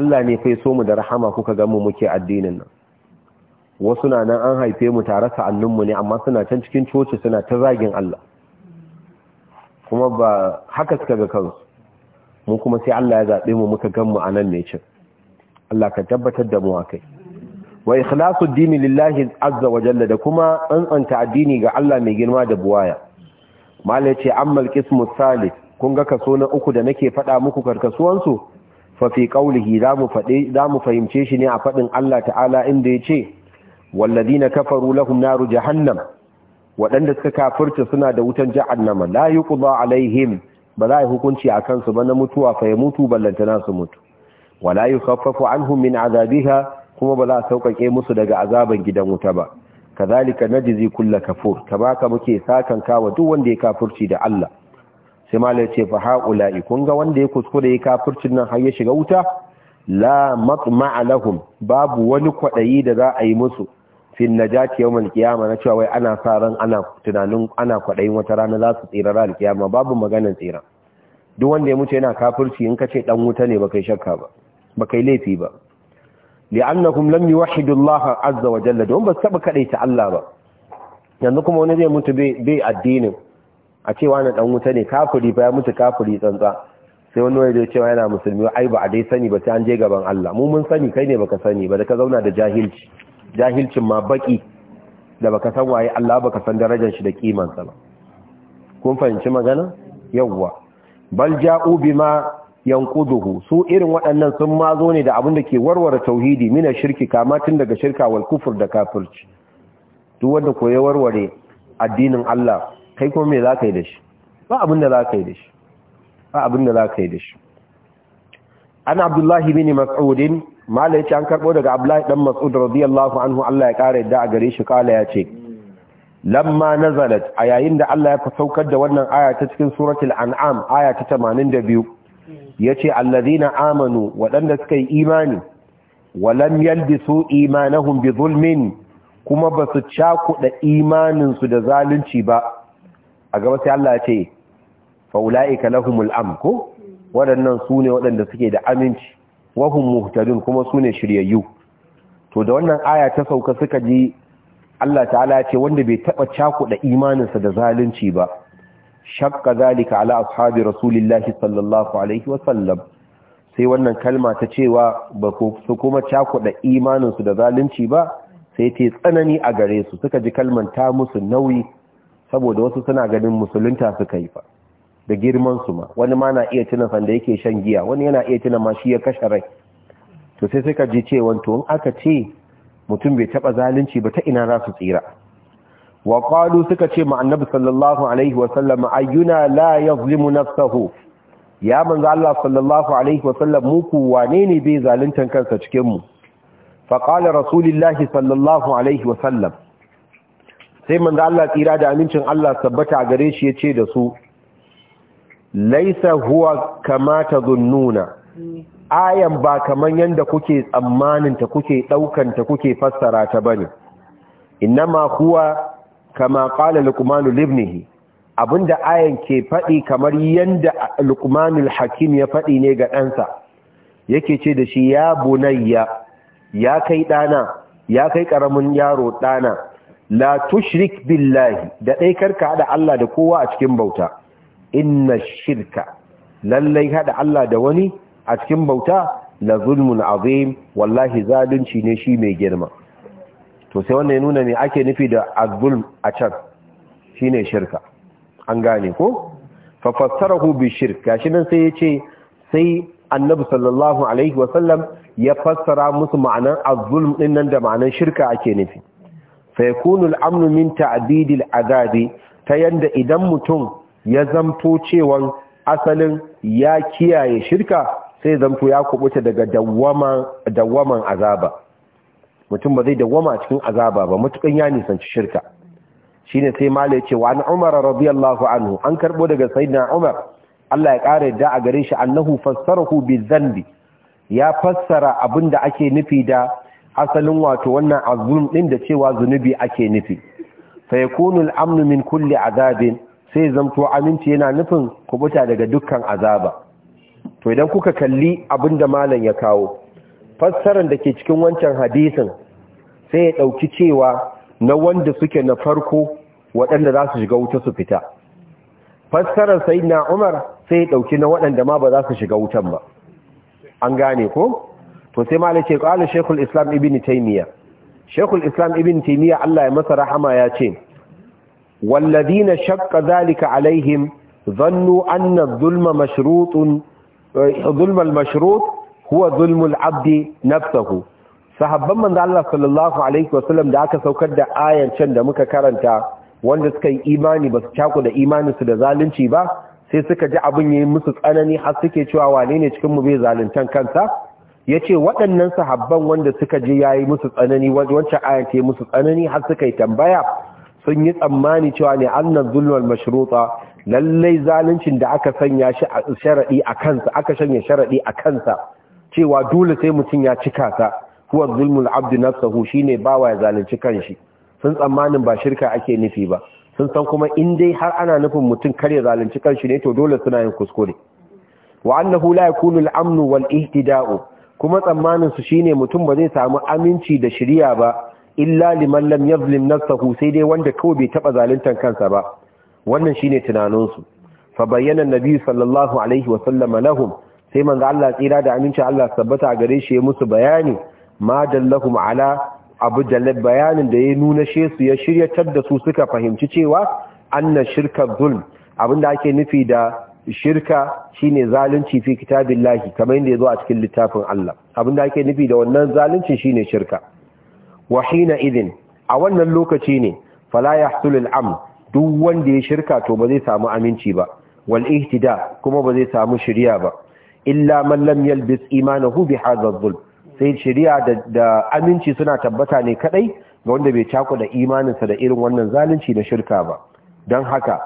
Allah ne kai so mu da rahama kuka ga mu muke addinin nan wasu na nan an haife mu tare sa'annin mu ne amma suna can cikin coci suna ta zagin Allah kuma ba haka suka ga kansu mu kuma sai Allah ya zabe mu muka gan mu anan ne cin Allah ka tabbatar da mu akai wa ikhlasu dini lillahi azza wa jalla da kuma tsantsanta addini ga Allah mai girma da buwaya mallai ce, ammal qismu salih kun ga kaso na uku da nake faɗa muku karkasuwan su fa fi qawlihi zamu faɗe mu fahimce shi ne a faɗin Allah ta'ala inda yace walladina kafaru lahum naru jahannam waɗanda suka kafirta suna da wutan jahannama la yuqda alaihim ba za a yi hukunci a kansu ba na mutuwa fa ya mutu ballantana su mutu wala yukhaffafu anhum min azabiha kuma ba za a sauƙaƙe musu daga azaban gidan wuta ba kazalika najzi kullu kafur ka muke sakan kawa duk wanda ya kafirci da Allah sai malai ce fa haula'i kun ga wanda ya kuskure ya kafircin nan har ya shiga wuta la matma alahum babu wani kwadayi da za a yi musu fin najati yawmal qiyama na cewa wai ana sa ran ana tunanin ana kwadayin wata rana za su tsira ran kiyama babu maganar tsira duk wanda ya mutu yana kafirci in kace dan wuta ne kai shakka ba kai laifi ba li'annahum lam yuwahhidu Allah azza wa jalla don ba saba ta Allah ba yanzu kuma wani zai mutu bai addinin a cewa na dan wuta ne kafiri ba ya mutu kafiri tsantsa sai wani wani zai cewa yana musulmi ai ba a dai sani ba sai an je gaban Allah mu mun sani kai ne baka sani ba da ka zauna da jahilci jahilcin ma baki da baka san waye Allah baka san darajar shi da kimansa ba kun fahimci magana yawwa bal ja'u bima yanquduhu su irin waɗannan sun ma zo ne da abin da ke warware tauhidi mina shirki kama tun daga shirka wal kufur da kafirci duk wanda ko ya warware addinin Allah kai kuma me zaka yi da shi ba abin da zaka yi da shi ba abin da zaka yi da shi Ana abdullahi bin mas'ud malai ce an karbo daga abdullahi dan mas'ud radiyallahu anhu Allah ya kare da a gare shi kala ce. lamma nazalat a yayin da Allah ya saukar da wannan aya ta cikin suratul an'am aya ta 82 Ya yace allazina amanu waɗanda suka yi imani walam yalbisu imanahun bi zulmin kuma ba su cakuɗa imaninsu da zalunci ba a gaba sai Allah ya ce faula'ika lahumul ko waɗannan su ne waɗanda suke da aminci wahum muhtadun kuma su ne shiryayyu to da wannan aya ta sauka suka ji Allah ta'ala ya ce wanda bai taɓa cakuɗa imaninsa da zalunci ba shakka zalika ala ashabi rasulillahi sallallahu alaihi wasallam sai wannan kalma ta cewa ba su kuma cakuɗa imaninsu da zalunci ba sai ta tsanani a gare su suka ji kalman ta musu nauyi saboda wasu suna ganin musulunta suka yi fa da girman su ma wani ma na iya tuna sanda yake shan giya wani yana iya tuna ma shi ya kashe rai to sai suka ji cewa to in aka ce mutum bai taɓa zalunci ba ta ina za su tsira wa suka ce ma annabi sallallahu alaihi wasallam, ayyuna la yazlimu nafsahu ya manzo Allah sallallahu alaihi wasallam muku wane ne bai zaluntar kansa cikin mu fa qala sallallahu alaihi wasallam. sai manza Allah tsira da amincin Allah sabbata gare shi yace da su laisa huwa kamata tazunnuna ayan ba kaman yadda kuke tsammaninta kuke ɗaukanta kuke fassara ta bane ma huwa kama kala lukmanu libnihi abinda ayan ke faɗi kamar yanda lukmanu hakim ya faɗi ne ga ɗansa yake ce da shi ya bunayya ya kai ɗana ya kai ƙaramin yaro ɗana la tushrik billahi da ɗai karka haɗa Allah da kowa a cikin bauta inna shirka lallai haɗa Allah da wani a cikin bauta la zulmun azim wallahi zalunci ne shi mai girma to sai wannan ya nuna me ake nufi da azulm a can shine shirka an gane ko fafassara bi shirk gashi nan sai ya ce sai annabi sallallahu alaihi wasallam ya fassara musu ma'anar azulm din nan da ma'anar shirka ake nufi sai kunul amnu min ta'didil azabi ta yanda idan mutum ya zamto cewan asalin ya kiyaye shirka sai zamto ya kubuta daga dawwaman azaba mutum ba zai dawwama a cikin azaba ba mutukan ya nisanci shirka Shi ne sai ya ce wa an umar radiyallahu anhu an karbo daga na umar Allah ya kare yadda a gare shi annahu fassarahu bi dhanbi ya fassara abin da ake nufi da asalin wato wannan azum din da cewa zunubi ake nufi fa ya al-amnu min kulli azabin sai zamto aminci yana nufin kubuta daga dukkan azaba to idan kuka kalli abin da malam ya kawo fassarar da ke cikin wancan hadisin sai ya ɗauki cewa na wanda suke na farko waɗanda za su shiga wuta su fita fassarar sai na umar sai ya ɗauki na waɗanda ma ba za su shiga wutan ba an gane ko to sai ma ko ƙwalin shekul islam ibn taimiyya shekul islam ibn taimiyya allah ya masa rahama ya ce walladina shakka zalika alaihim zannu anna zulma mashrutun zulma eh, al-mashrut huwa zulmul abdi nafsahu sahabban manzo Allah sallallahu alaihi wasallam da aka saukar da ayan can da muka karanta wanda suka yi imani ba su cako da imaninsu da zalunci ba sai suka ji abin yayin musu tsanani har suke cewa wane ne cikin mu bai zaluntan kansa yace waɗannan sahabban wanda suka ji yayi musu tsanani wancan ayan ta musu tsanani har suka yi tambaya sun yi tsammani cewa ne annal zulmul mashruta lallai zaluncin da aka sanya shi a sharadi a kansa aka shanya sharadi a kansa cewa dole sai mutum ya cika ta huwa zulmul abdi nafsahu shine bawa ya zalunci kanshi sun tsammanin ba shirka ake nufi ba sun san kuma in dai har ana nufin mutum kar ya zalunci kanshi ne to dole suna yin kuskure wa annahu la yakunu al-amnu wal ihtida'u kuma tsammanin su shine mutum ba zai samu aminci da shiriya ba illa liman lam yazlim sai dai wanda kawai bai taba zaluntan kansa ba wannan shine tunanin su fa bayyana annabi sallallahu alaihi wa sallama lahum sai man ga Allah tsira da amincin Allah tabbata gare shi ya musu bayani ma dallahum ala abu jalal bayanin da ya nuna she su ya shiryatar da su suka fahimci cewa anna shirka zulm abinda ake nufi da shirka shine zalunci fi kitabillahi kamar yadda yazo a cikin littafin Allah abinda ake nufi da wannan zalunci shine shirka wa hina idin a wannan lokaci ne fala yahsulul am duk wanda ya shirka to ba zai samu aminci ba wal ihtida kuma ba zai samu shirya ba illa man lam yalbis imanahu bi hadha adh sai shari'a da aminci suna tabbata ne kadai ga wanda bai cakuda imaninsa da irin wannan zalunci na shirka ba dan haka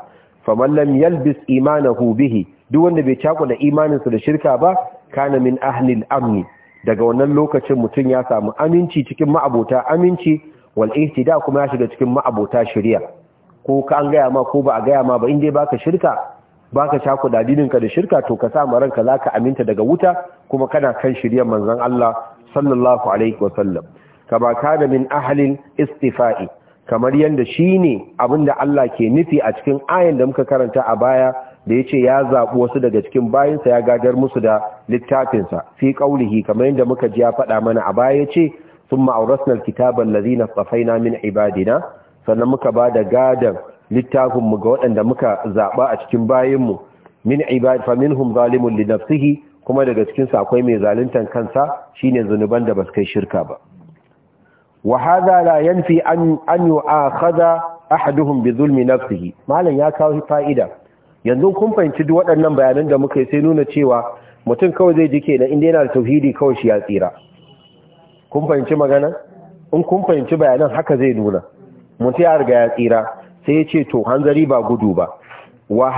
faman lam yalbis imanahu bihi duk wanda bai cakuda imaninsa da shirka ba kana min ahlil amni daga wannan lokacin mutum ya samu aminci cikin ma'abota aminci wal ihtida kuma ya shiga cikin ma'abota shari'a ko ka an gaya ma ko ba a gaya ma ba in dai baka shirka baka sha kudadinka da shirka to ka sa maranka zaka aminta daga wuta kuma kana kan shirya manzon Allah sallallahu alaihi wasallam kama min ahalin istifa'i kamar yadda ne abin abinda Allah ke nufi a cikin ayan da muka karanta a baya da yace ya zaɓi wasu daga cikin bayinsa ya gadar musu da littafinsa fi ƙaulihi kamar yadda muka ji ya faɗa mana a baya yace thumma awrasna alkitaba allazina safaina min ibadina sannan muka ba da gadon. littafin mu ga waɗanda muka zaɓa a cikin bayanmu, mu min ibad fa minhum zalimun li nafsihi kuma daga cikin su akwai mai zaluntan kansa shine zunuban da basu kai shirka ba wa hadha la yanfi an an yu'akhadha ahaduhum bi zulmi nafsihi malan ya kawo fa'ida yanzu kun fahimci duk waɗannan bayanan da muka yi sai nuna cewa mutum kawai zai ji kenan inda yana da tauhidi kawai shi ya tsira kun fahimci magana in kun fahimci bayanan haka zai nuna mutum ya riga ya tsira sai ya ce to hanzari ba gudu ba wa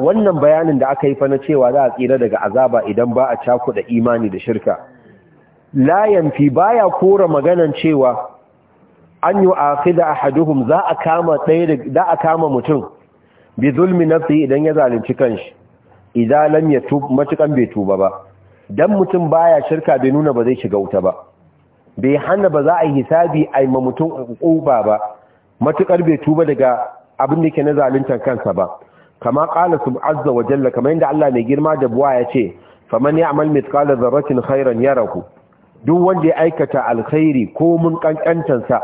wannan bayanin da aka yi fa na cewa za a tsira daga azaba idan ba a cakuda imani da shirka la yanfi baya kora maganan cewa an yi akhida ahaduhum za a kama ɗaya da a kama mutum bi zulmi nafsi idan ya zalunci kanshi idan lam tub matukan bai tuba ba dan mutum baya shirka bai nuna ba zai shiga wuta ba bai hana ba za a yi hisabi aima ma mutum uba ba Matuƙar bai tuba daga abin da ke na zaluntar kansa ba kama ƙala su azza wa jalla kamar yadda Allah mai girma da buwa ya ce faman ya'mal zarrakin dharratin khairan rahu. duk wanda ya aikata alkhairi ko mun kankantansa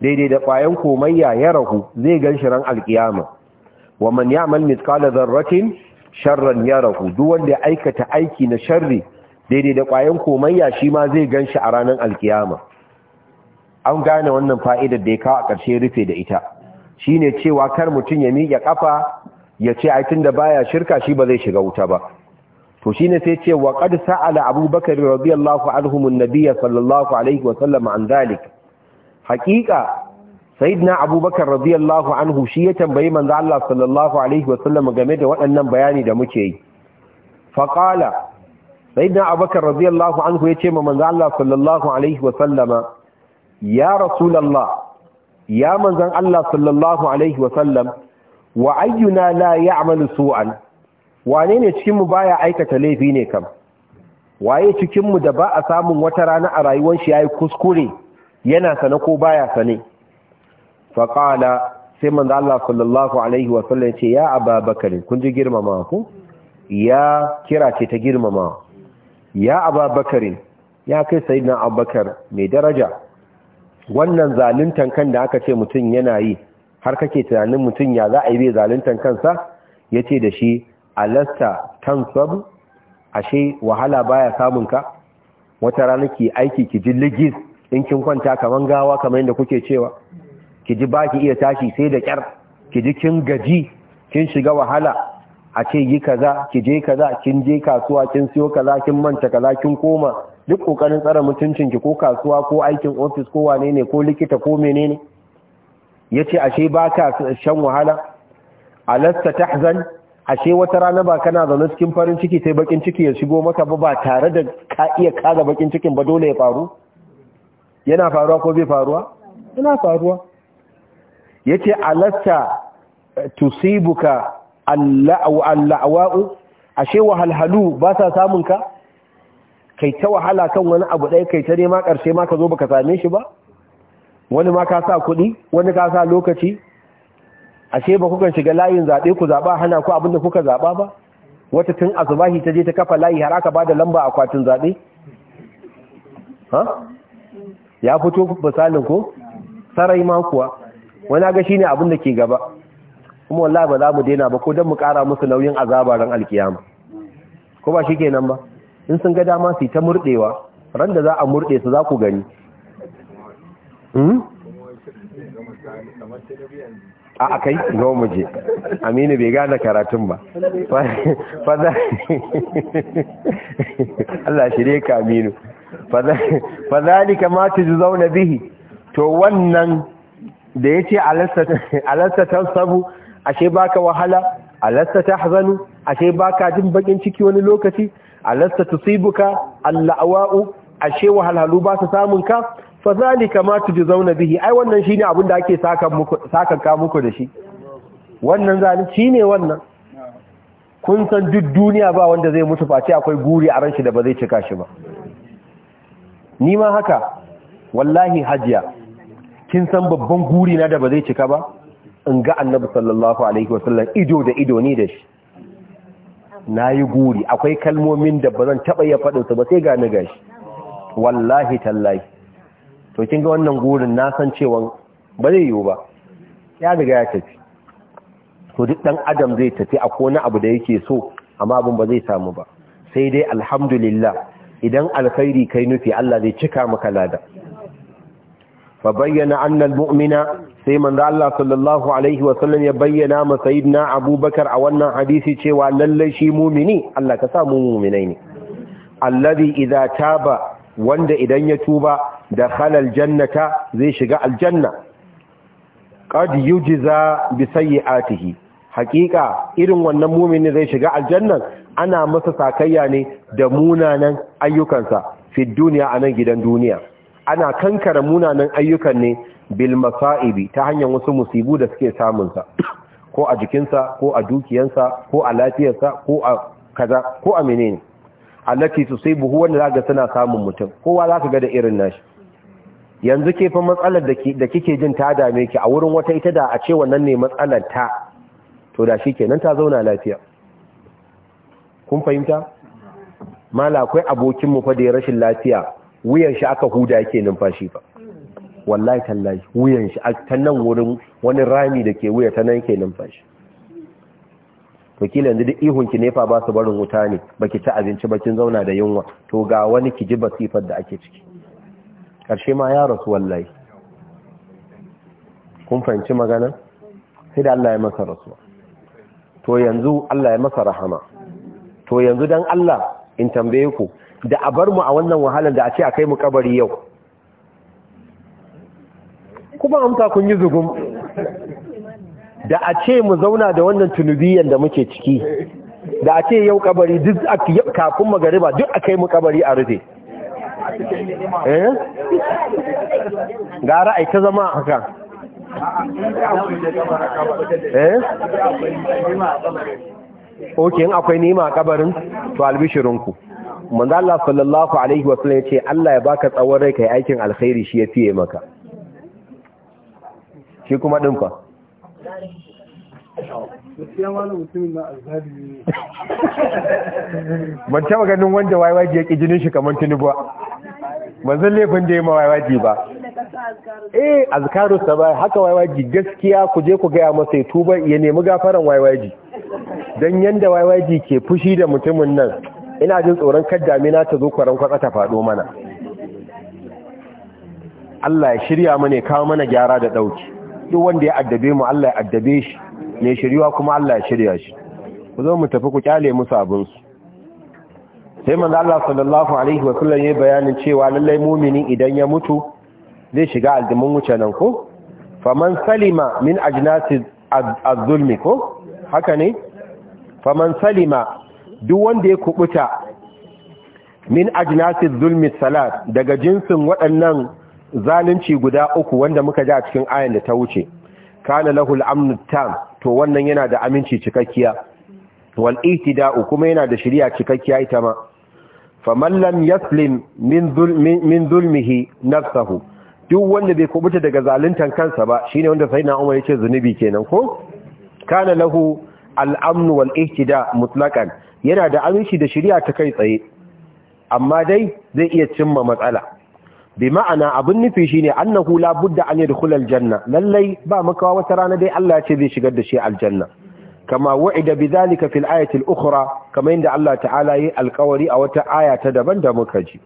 daidai da ƙwayan komayya rahu zai gan shi ran alkiyama wa man ya'mal mithqala zarrakin sharran ya rahu. duk wanda ya aikata aiki na sharri daidai da kwayan komayya shi ma zai gan shi a ranar alƙiyama. an gane wannan fa'idar da ya kawo a ƙarshe rufe da ita shi ne cewa kar mutum ya miƙe ƙafa ya ce aitin da baya shirka shi ba zai shiga wuta ba to shi ne sai ce wa ƙad sa'ala abubakar radiyallahu anhumun nabiya sallallahu alaihi wasallam an zalik haƙiƙa sayyidina abubakar radiyallahu anhu shi ya tambayi manzo Allah sallallahu alaihi wasallam game da waɗannan bayani da muke yi faqala sayyidina abubakar radiyallahu anhu ya ce ma manzo Allah sallallahu alaihi wasallama ya rasulallah ya manzan Allah sallallahu alaihi wasallam wa ayyuna la ya'malu su'an wane ne mu baya aikata laifi ne kam waye cikinmu da ba a samun wata rana a rayuwar shi yayi kuskure yana sane ko baya sane fa qala sai manzan Allah sallallahu alaihi wasallam ya ce ya ababakar kun ji girmama ku ya kira ce ta girmama ya ababakar ya kai sayyidina abubakar mai daraja wannan zaluntan kan da aka ce mutum yana yi har kake tunanin mutum ya za a yi bai zaluntar kansa ya ce da shi alasta tansab ashe wahala baya samun ka wata rana ki aiki ki ji ligis in kin kwanta kaman gawa kamar yadda kuke cewa ki ji baki iya tashi sai da kyar ki ji kin gaji kin shiga wahala a ce yi kaza ki je kaza kin je kasuwa kin siyo kaza kin manta kaza kin koma duk kokarin tsara mutuncin ki ko kasuwa ko aikin ofis ko wane ne ko likita ko menene yace ashe baka shan wahala alasta tahzan ashe wata rana ba kana zaune cikin farin ciki sai bakin ciki ya shigo maka ba tare da ka iya kaga bakin cikin ba dole ya faru yana faruwa ko bai faruwa yana faruwa yace alasta tusibuka alla'awa'u ashe wahalhalu ba sa samun ka kai ta wahala kan wani abu ɗaya kai ta nema ƙarshe ma ka zo ka same shi ba wani ma ka sa kuɗi wani ka sa lokaci ashe ba kukan shiga layin zaɓe ku zaɓa hana ku abinda kuka zaɓa ba wata tun asubahi ta je ta kafa layi har aka ba da lamba akwatin zaɓe ya fito misalin ko sarai ma kuwa wani ga shine ne da ke gaba kuma wallahi ba za mu daina ba ko don mu kara musu nauyin azaba ran alkiyama ko ba shi kenan ba in sun ga dama su ta murdewa ran da za a murde su za ku gani hmm? a akai zo mu je aminu bai gane karatun ba fada [LAUGHS] Allah shirye ka aminu fadhalika ma tujzauna bihi to wannan da yace alasta alasta sabu. ashe baka wahala alasta tahzanu ashe baka jin bakin ciki wani lokaci alasta tusibuka allawa'u ashe wahalhalu ba su samun ka fa zalika ma zauna bihi ai wannan shine abin da ake saka muku da shi wannan shi ne wannan kun san duk duniya ba wanda zai mutu face akwai guri a ran shi da ba zai cika shi ba ni ma haka wallahi hajiya kin san babban guri na da ba zai cika ba in ga annabi sallallahu alaihi wasallam ido da ido ni da shi na yi guri akwai kalmomin da ba zan taɓa ya su ba sai ga ni gashi wallahi tallahi to kin ga wannan gurin na san cewa ba zai yiwu ba ya riga ya tafi to duk dan adam zai tafi a kona abu da yake so amma abin ba zai samu ba sai dai alhamdulillah idan alkhairi kai nufi Allah zai cika maka lada fa bayyana annal mu'mina sai manzo Allah sallallahu alaihi wa sallam ya bayyana ma sayyidina Abubakar a wannan hadisi cewa lalle shi mu'mini Allah ka sa mu mu'minai ne allazi idza taba wanda idan ya tuba da khalal jannata zai shiga aljanna qad yujza bi sayyi'atihi hakika irin wannan mumini zai shiga aljannan ana masa sakayya ne da munanan ayyukansa fi duniya a nan gidan duniya ana kankara munanan ayyukan ne bil masa'ibi ta hanyar wasu musibu da suke samunsa ko a jikinsa ko a dukiyansa ko a lafiyarsa ko a kaza ko a menene allati tusibuhu wanda zaka suna samun mutum kowa zaka ga da irin nashi yanzu ke fa matsalar da kike jin ta dame ki a wurin wata ita da a ce wannan ne matsalar ta to da shikenan ta zauna lafiya kun fahimta mala akwai abokin mu fa da rashin lafiya wuyan shi aka huda yake numfashi ba, wallahi tallahi wuyan shi ta nan wurin wani rami da ke wuya ta nan yake numfashi wakilin yanzu duk ihun ki nefa ba su barin wuta ne baki ta abinci ba kin zauna da yunwa to ga wani ki ji basifar da ake ciki karshe ma ya rasu wallahi kun fahimci magana sai da Allah ya masa rasuwa to yanzu Allah ya masa rahama to yanzu dan Allah in tambaye ku da a bar mu a wannan wahalar da a ce a kai mu kabari yau kuma amsa kun yi zugum da a ce mu zauna da wannan tunubiyan da muke ciki da a ce yau kabari duk kafin magariba duk a kai mu kabari a rufe eh? gara ta zama haka eh ok in akwai nema a kabarin to albishirinku manzo Allah sallallahu alaihi wa sallam yace Allah ya baka tsawon rai kai aikin alkhairi shi ya fiye maka shi kuma din fa ban taba ganin wanda waiwaji ya ƙi jinin shi kamar tunubu ba ban zan laifin da ya ma waiwaji ba eh azkaru sabai haka waiwaji gaskiya ku je ku gaya masa ya tuba ya nemi gafaran waiwaji don yanda waiwaji ke fushi da mutumin nan ina jin tsoron kar damina ta zo kwaran kwatsa ta faɗo mana Allah ya shirya mu ne kawo mana gyara da ɗauki duk wanda ya addabe mu Allah ya addabe shi ne shiriwa kuma Allah ya shirya shi ku zo mu tafi ku kyale sabon su. sai manzo Allah sallallahu alaihi wa sallam yayi bayanin cewa lallai mumini idan ya mutu zai shiga aljimin wuce nan ko faman salima min ajnasi az-zulmi ko haka ne faman salima duk wanda ya kubuta min ajnasiz zulmi salat daga jinsin waɗannan zalunci guda uku wanda muka ji a cikin ayan da ta wuce kana lahul amnu tam to wannan yana da aminci cikakkiya wal ihtida'u kuma yana da shari'a cikakkiya ita ma faman lam yaslim min zulmi min zulmihi nafsuhu duk wanda bai kubuta daga zaluntan kansa ba shine wanda sai na Umar yace zunubi kenan ko kana lahu al amnu wal ihtida mutlaqan yana da aminci da shiriya ta kai tsaye amma dai zai iya cimma matsala bi ma'ana abin nufi shine annahu la budda an yadkhula aljanna lallai ba makawa wata rana dai Allah ya ce zai shigar da shi aljanna kama wa'ida bidhalika fil ayati al-ukhra kama inda Allah ta'ala yi alƙawari a wata aya ta daban da muka ji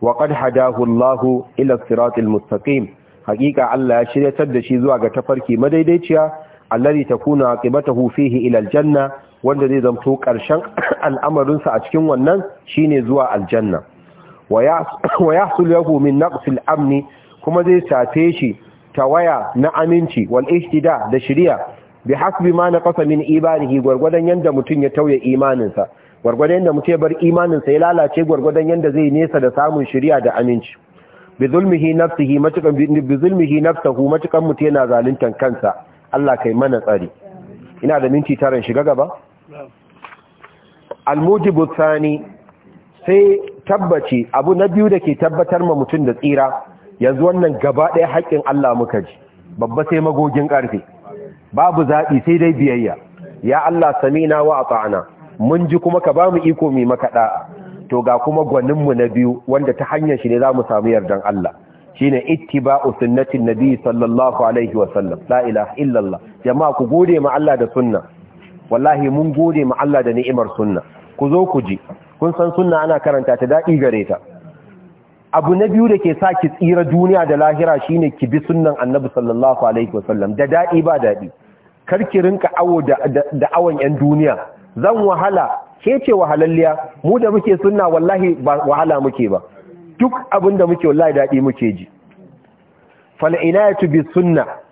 wa qad hadahu Allah ila siratil mustaqim haqiqa Allah ya shiryatar da shi zuwa ga tafarki madaidaiciya alladhi takuna aqibatuhu fihi ila aljanna wanda zai zamto ƙarshen [COUGHS] al'amarinsa a cikin wannan shine zuwa aljanna wa [COUGHS] su lahu min naqsil amni kuma zai safe shi ta waya na aminci wal ihtida da shirya. bi hasbi ma na naqasa min ibadihi gwargwadon yadda mutum ya tauye imaninsa gwargwadon yadda mutum ya bar imaninsa ya lalace gwargwadon yadda zai nesa da samun shirya da aminci bi zulmihi nafsihi matukan bi yana zaluntan kansa Allah kai mana tsari ina da minti taran shiga gaba al al-mujibu thani sai tabbaci abu na biyu da ke tabbatar ma mutum da tsira yanzu wannan gaba ɗaya haƙƙin Allah muka ji babba sai magogin ƙarfe babu zaɓi sai dai biyayya ya Allah samina wa ata'ana mun ji kuma ka bamu iko mai makaɗa to ga kuma gwanin mu na biyu wanda ta hanyar shi ne za mu samu yardan Allah shine ittiba'u sunnatin nabi sallallahu alaihi wa la ilaha illallah jama'a ku gode ma Allah da sunna wallahi mun gode ma Allah da ni'imar sunna ku zo ku ji kun san sunna ana karanta ta daɗi gare ta abu na biyu da ke sa ki tsira duniya da lahira shine ki bi sunnan annabi sallallahu alaihi wasallam da daɗi ba daɗi kar ki rinka awo da, da awon yan duniya zan wahala ke ce wahalalliya mu da muke sunna wallahi ba wahala muke ba duk abinda muke wallahi daɗi muke ji fal inayatu bi sunna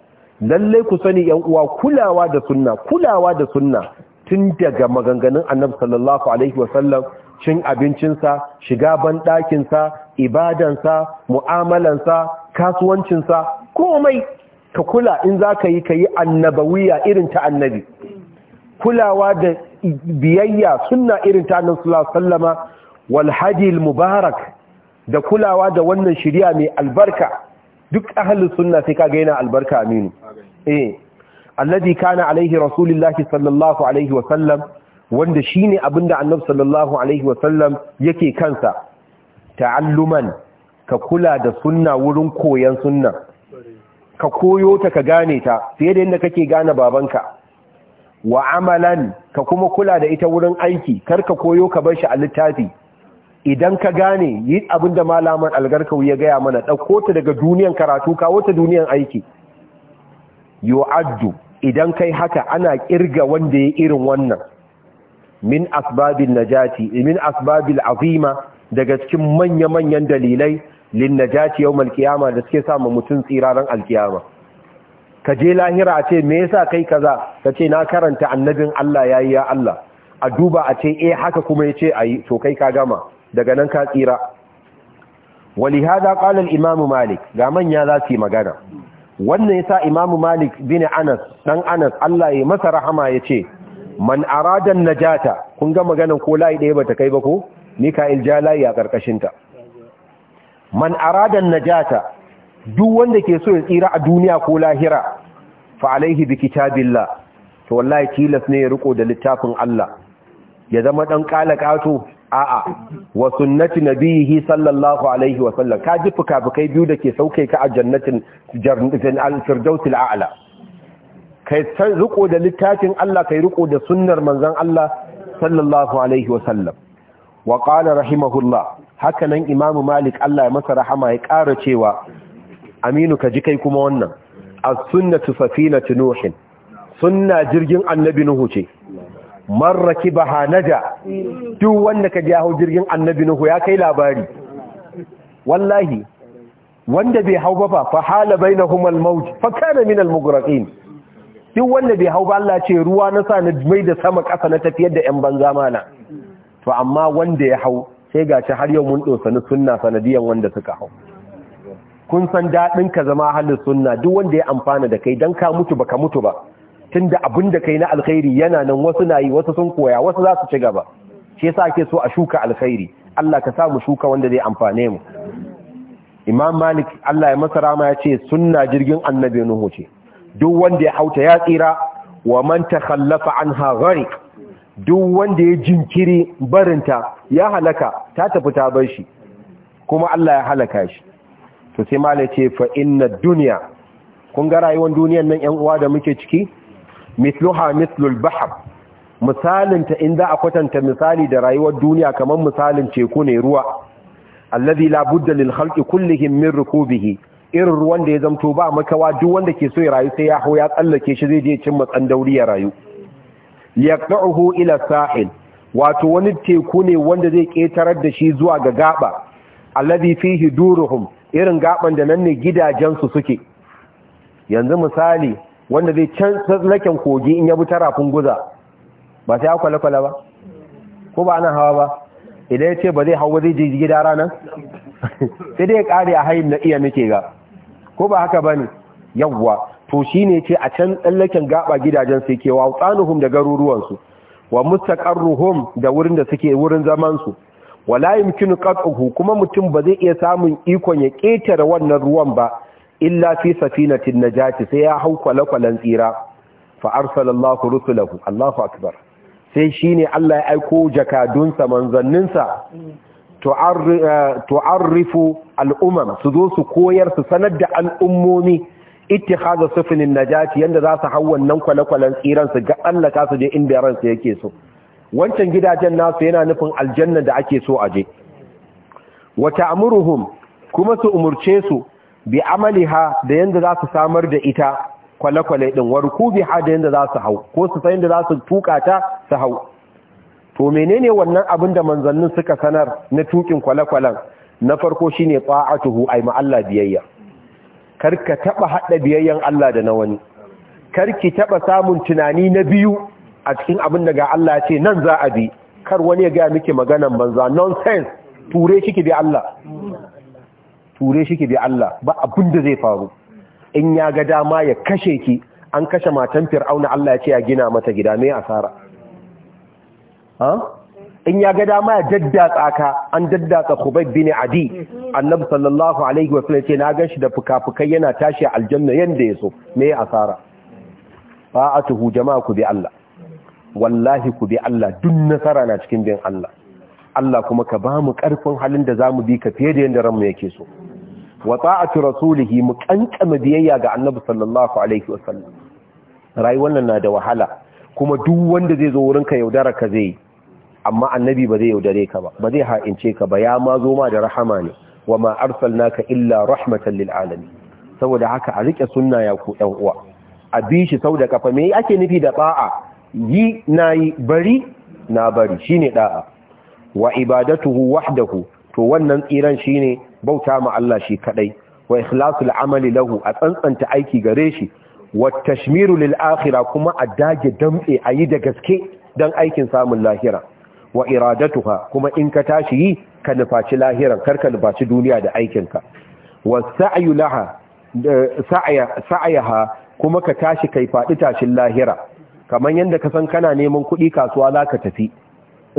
lallai ku sani yan uwa kulawa da sunna kulawa da sunna tun daga maganganun annabi sallallahu alaihi wasallam cin abincinsa shiga banɗakinsa ibadansa mu'amalansa kasuwancinsa komai ka kula in za ka yi ka yi annabawiya irin ta annabi kulawa da biyayya sunna irin ta annabi sallallahu alaihi wasallama wal al mubarak da kulawa da wannan shari'a mai albarka duk ahlus sunna sai ka yana albarka aminu eh alladhi kana alaihi rasulullahi sallallahu alaihi wa sallam wanda shine abinda annabi sallallahu alaihi wa sallam yake kansa ta'alluman ka kula da sunna wurin koyan sunna ka koyo ta ka gane ta fiye da yadda kake gane babanka wa amalan ka kuma kula da ita wurin aiki kar ka koyo ka bar shi a littafi idan ka gane yi abinda malaman algarkawi ya gaya mana ɗauko ta daga duniyan karatu kawo ta duniyan aiki yu'addu idan kai haka ana kirga wanda ya irin wannan min asbabin najati min asbabil azima daga cikin manya-manyan dalilai lin najati yawmal qiyama da suke mutum mutun tsiraran alkiyama ka je lahira a ce me yasa kai kaza ka ce na karanta annabin Allah yayi ya Allah a duba a ce eh haka kuma yace ayi to kai ka gama daga nan ka tsira qala al imam malik? ga manya za su yi magana wannan yasa imamu malik bin anas dan anas Allah ya masa rahama ya ce, man aradan najata kun ga maganan ko layi daya bata kai ba ko mika'il jalayi a karkashin ta man aradan najata duk wanda ke so ya tsira a duniya ko lahira fa alaihi bi kitabillah to wallahi tilas ne ya riko da littafin Allah ya zama dan kato a'a wa sunnati nabihi sallallahu alaihi wa sallam ka ji fukafukai biyu da ke sauke ka a jannatin jannatin al a'la kai san riko da littafin Allah kai riko da sunnar manzon Allah sallallahu alaihi wa sallam wa qala rahimahullah haka nan imamu malik Allah ya masa rahama ya ƙara cewa aminu ka ji kai kuma wannan as-sunnatu safinatu nuhin sunna jirgin annabi nuhu ce man rakibaha naja duk wanda ka je hau jirgin annabi nuhu ya kai labari wallahi wanda bai hau ba fa hala bai na al-mawj fa kana min al duk wanda bai hau ba Allah ce ruwa na sa na mai da sama kasa na tafiyar da yan banza mana to amma wanda ya hau sai ga shi har yau mun dosa ni sunna sanadiyan wanda suka hau kun san daɗin ka zama halin sunna duk wanda ya amfana da kai dan ka mutu baka mutu ba tunda abin da kai na alkhairi yana nan wasu na yi wasu sun koya wasu za su ci gaba shi yasa ake so a shuka alkhairi Allah ka sa shuka wanda zai amfane mu Imam Malik Allah ya masa rama ya ce sunna jirgin annabi Nuhu ce duk wanda ya hauta ya tsira wa man takhallafa anha gharik duk wanda ya jinkiri barinta ya halaka ta tafi ta bar shi kuma Allah ya halaka shi to sai malai ce fa inna dunya kun ga rayuwar duniyar nan ƴan uwa da muke ciki mithluha mithlul bahr misalinta in za a kwatanta misali da rayuwar duniya kamar misalin teku ne ruwa Alladhi la budda lil khalqi kullihim min rukubihi irin ruwan da ya zamto ba makawa duk wanda ke so ya rayu sai ya hau ya tsallake shi zai je cin matsan dauriya ya rayu yaqta'uhu ila sahil wato wani teku ne wanda zai ketarar da shi zuwa ga gaba Alladhi fihi duruhum irin gaban da nan ne gidajen su suke yanzu misali wanda zai can laken kogi in ya bi ta rafin guza ba sai ya kwale-kwale ba ko ba nan hawa ba idan ya ce ba zai hawa zai je gida rana, [LAUGHS] sai dai ya kare a hayin na iya nake ga ko ba haka ba ne yawwa to shi ne ce a can tsallaken gaba gidajen sai ke wa tsanuhum da garuruwansu wa mustaqarruhum da wurin da suke wurin zamansu wala yumkinu qat'uhu kuma mutum ba zai iya samun ikon ya ƙetare wannan ruwan ba illa fi safinatin najati sai ya hau kwale-kwalen tsira fa arsalallahu rusulahu Allahu akbar sai shine Allah ya aiko jakadunsa manzanninsa tu'arrifu al'umam su zo su koyar su sanar da al'ummomi ittikhadha sufinin najati yanda za su hau wannan kwale-kwalen tsiran su ga Allah ka su je inda su yake so wancan gidajen nasu yana nufin aljanna da ake so aje wa ta'muruhum kuma su umurce su bi amaliha da yanda za su samar da ita kwale-kwale din ha da yanda za su hau ko su san da za su tuka ta su hau to menene wannan abin da manzannin suka sanar na tukin kwale-kwalen na farko shine a tuhu? ma Allah biyayya karka taba haɗa biyayyan Allah da na wani Kar ki taɓa samun tunani na biyu a cikin abin da ga Allah ce nan za a bi kar wani ya gaya miki maganan banza nonsense ture shi ki bi Allah ture shi ki bi Allah ba abin da zai faru in ya ga dama ya kashe ki an kashe matan fir'auna Allah ya ce ya gina mata gida mai asara in ya ga dama ya daddatsa ka an daddatsa Khubayb bin Adi annabi sallallahu alaihi wasallam ce na shi da fukafukai yana tashi a aljanna yanda yaso me asara fa'atuhu jama'a ku bi Allah wallahi ku bi Allah duk nasara na cikin bin Allah Allah kuma ka ba mu ƙarfin halin da za mu bi ka fiye da yadda ranmu yake so wa rasulihi mu kankama biyayya ga annabi sallallahu alaihi wasallam rayuwar nan na da wahala kuma duk wanda zai zo wurin ka yaudara ka zai amma annabi ba zai yaudare ka ba ba zai ha'ince ka ba ya ma zo ma da rahama ne wa ma arsalnaka illa rahmatan lil alamin saboda haka a rike sunna ya ku ɗan uwa a bi shi sau da kafa me ake nufi da ba'a yi na yi bari na bari shine ɗa'a. wa ibadatuhu wahdahu to wannan tsiran shine bauta ma Allah shi kadai wa ikhlasul amali lahu a tsantsanta aiki gare shi wa tashmiru lil akhirah kuma a dage dambe a yi da gaske dan aikin samun lahira wa iradatuha kuma in ka tashi yi ka nufaci lahiran karka nufaci duniya da aikinka wa sa'yu laha sa'ayaha kuma ka tashi kai faɗi tashin lahira kamar yadda ka san kana neman kuɗi kasuwa za ka tafi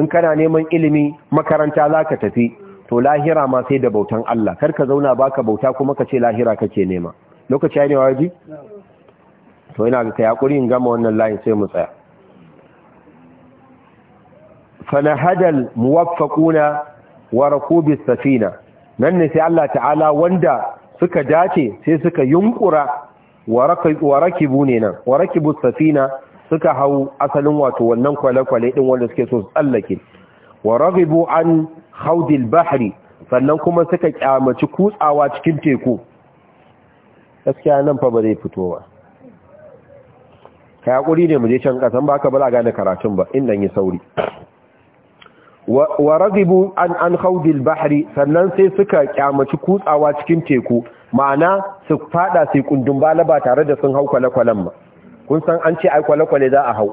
in kana neman ilimi makaranta za ka tafi to lahira ma sai da bautan Allah kar ka zauna baka bauta kuma ka ce lahira kake nema lokaci ya ne waji to ina ga kai hakuri in gama wannan layin sai mu tsaya fanahadal muwaffaquna wa rakubis safina nan ne sai Allah ta'ala wanda suka dace sai suka yunkura wa rakibu ne nan wa rakibu safina suka hau asalin wato wannan kwale-kwale din wanda suke so su tsallake wa ragibu an haudil bahri sannan kuma suka kyamaci kutsawa cikin teku gaskiya nan fa ba zai fito ba ka yaƙuri ne mu je can kasan ba ka bala gane karatun ba in nan yi sauri wa radibu an an haudil bahri sannan sai suka kyamaci kutsawa cikin teku ma'ana su fada sai kundun bala ba tare da sun hau kwale-kwalen ba kun san an ce ai kwale-kwale za a hau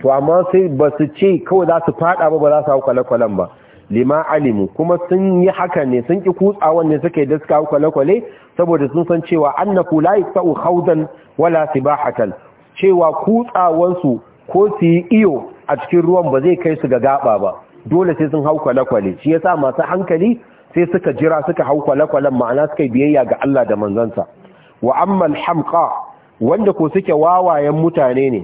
to amma sai ba su ce kawai za su fada ba ba za su hau kwale-kwalen ba lima alimu kuma sun yi haka ne sun ki kutsa wanne suke daska kwale-kwale saboda sun san cewa annaku la sa'u khawdan wala sibahatan cewa kutsawansu ko su yi iyo a cikin ruwan ba zai kai su ga gaba ba dole sai sun hau kwale-kwale shi yasa masu hankali sai suka jira suka hau kwale-kwalen ma'ana suka biyayya ga Allah da manzansa wa Hamka, wanda ko suke wawayen mutane ne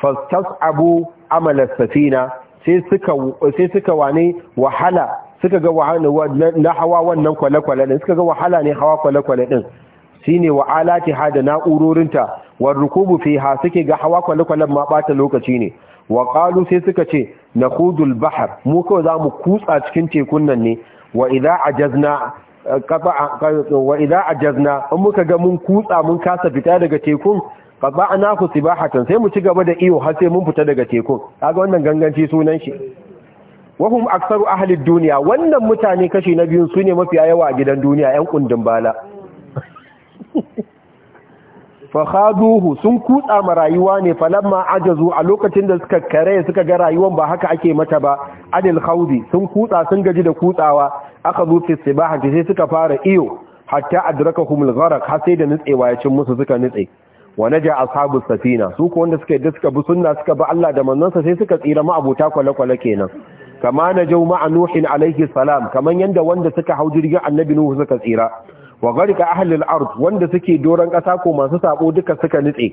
fastas'abu amalas safina sai suka sai suka wane wahala suka ga na hawa wannan kwale-kwale din suka ga wahala ne hawa kwale-kwale din shine wa alati hada na'urorinta war rukubu ha suke ga hawa kwale ma bata lokaci ne wa qalu sai suka ce nakhudul bahr mu kawai mu kutsa cikin tekun nan ne wa idan ajazna ajazna in muka ga mun kutsa mun kasa fita daga tekun ba sibahatan sai mu ci gaba da iyo har sai mun fita daga tekun kaga wannan ganganci sunan shi wahum aktsaru ahli duniya wannan mutane kashi na biyun sune mafi yawa a gidan duniya yan kundin bala fa khaduhu sun kutsa ma rayuwa ne falamma ajazu a lokacin da suka kare suka ga rayuwar ba haka ake mata ba adil khawzi sun kutsa sun gaji da kutsawa aka zo fi sibahati sai suka fara iyo hatta adrakahum al-gharq har sai da nutsewa ya cin musu suka nutse wa naja ashabu safina su ko wanda suka suka bi sunna suka bi Allah da manzansa sai suka tsira ma abota kwale-kwale kenan kama najau ma nuhin alaihi salam kaman yanda wanda suka hau jirgin annabi nuhu suka tsira wa gharika ahli al-ard wanda suke doran kasa ko masu sabo duka suka nitse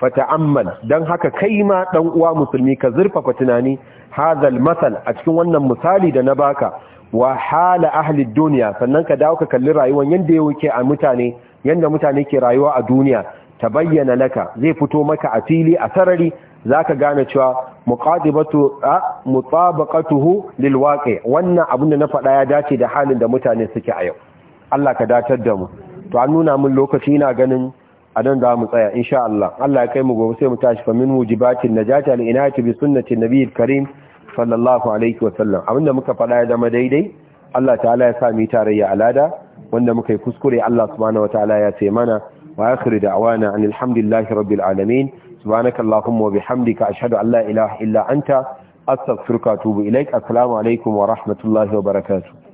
fata'ammal dan haka kai ma dan uwa musulmi ka zurfafa tunani hadal masal a cikin wannan misali da na baka wa hala ahli dunya sannan ka dawo ka kalli rayuwar yanda yake a mutane yanda mutane ke rayuwa a duniya ta bayyana laka zai fito maka a fili a sarari zaka gane cewa muqadibatu mutabaqatuhu lilwaqi wannan abin da na faɗa ya dace da halin da mutane suke a yau Allah ka datar da mu to an nuna min lokaci ina ganin a nan za mu tsaya insha Allah Allah ya kai mu gobe sai mu tashi fa min mujibatin najati al inayati bi sunnati nabiyil karim sallallahu alaihi wa sallam abinda muka faɗa ya zama daidai Allah ta'ala ya sa mu tarayya alada wanda muka yi kuskure Allah subhanahu wa ta'ala ya ce mana وآخر دعوانا أن الحمد لله رب العالمين سبحانك اللهم وبحمدك أشهد أن لا إله إلا أنت أستغفرك وأتوب إليك السلام عليكم ورحمة الله وبركاته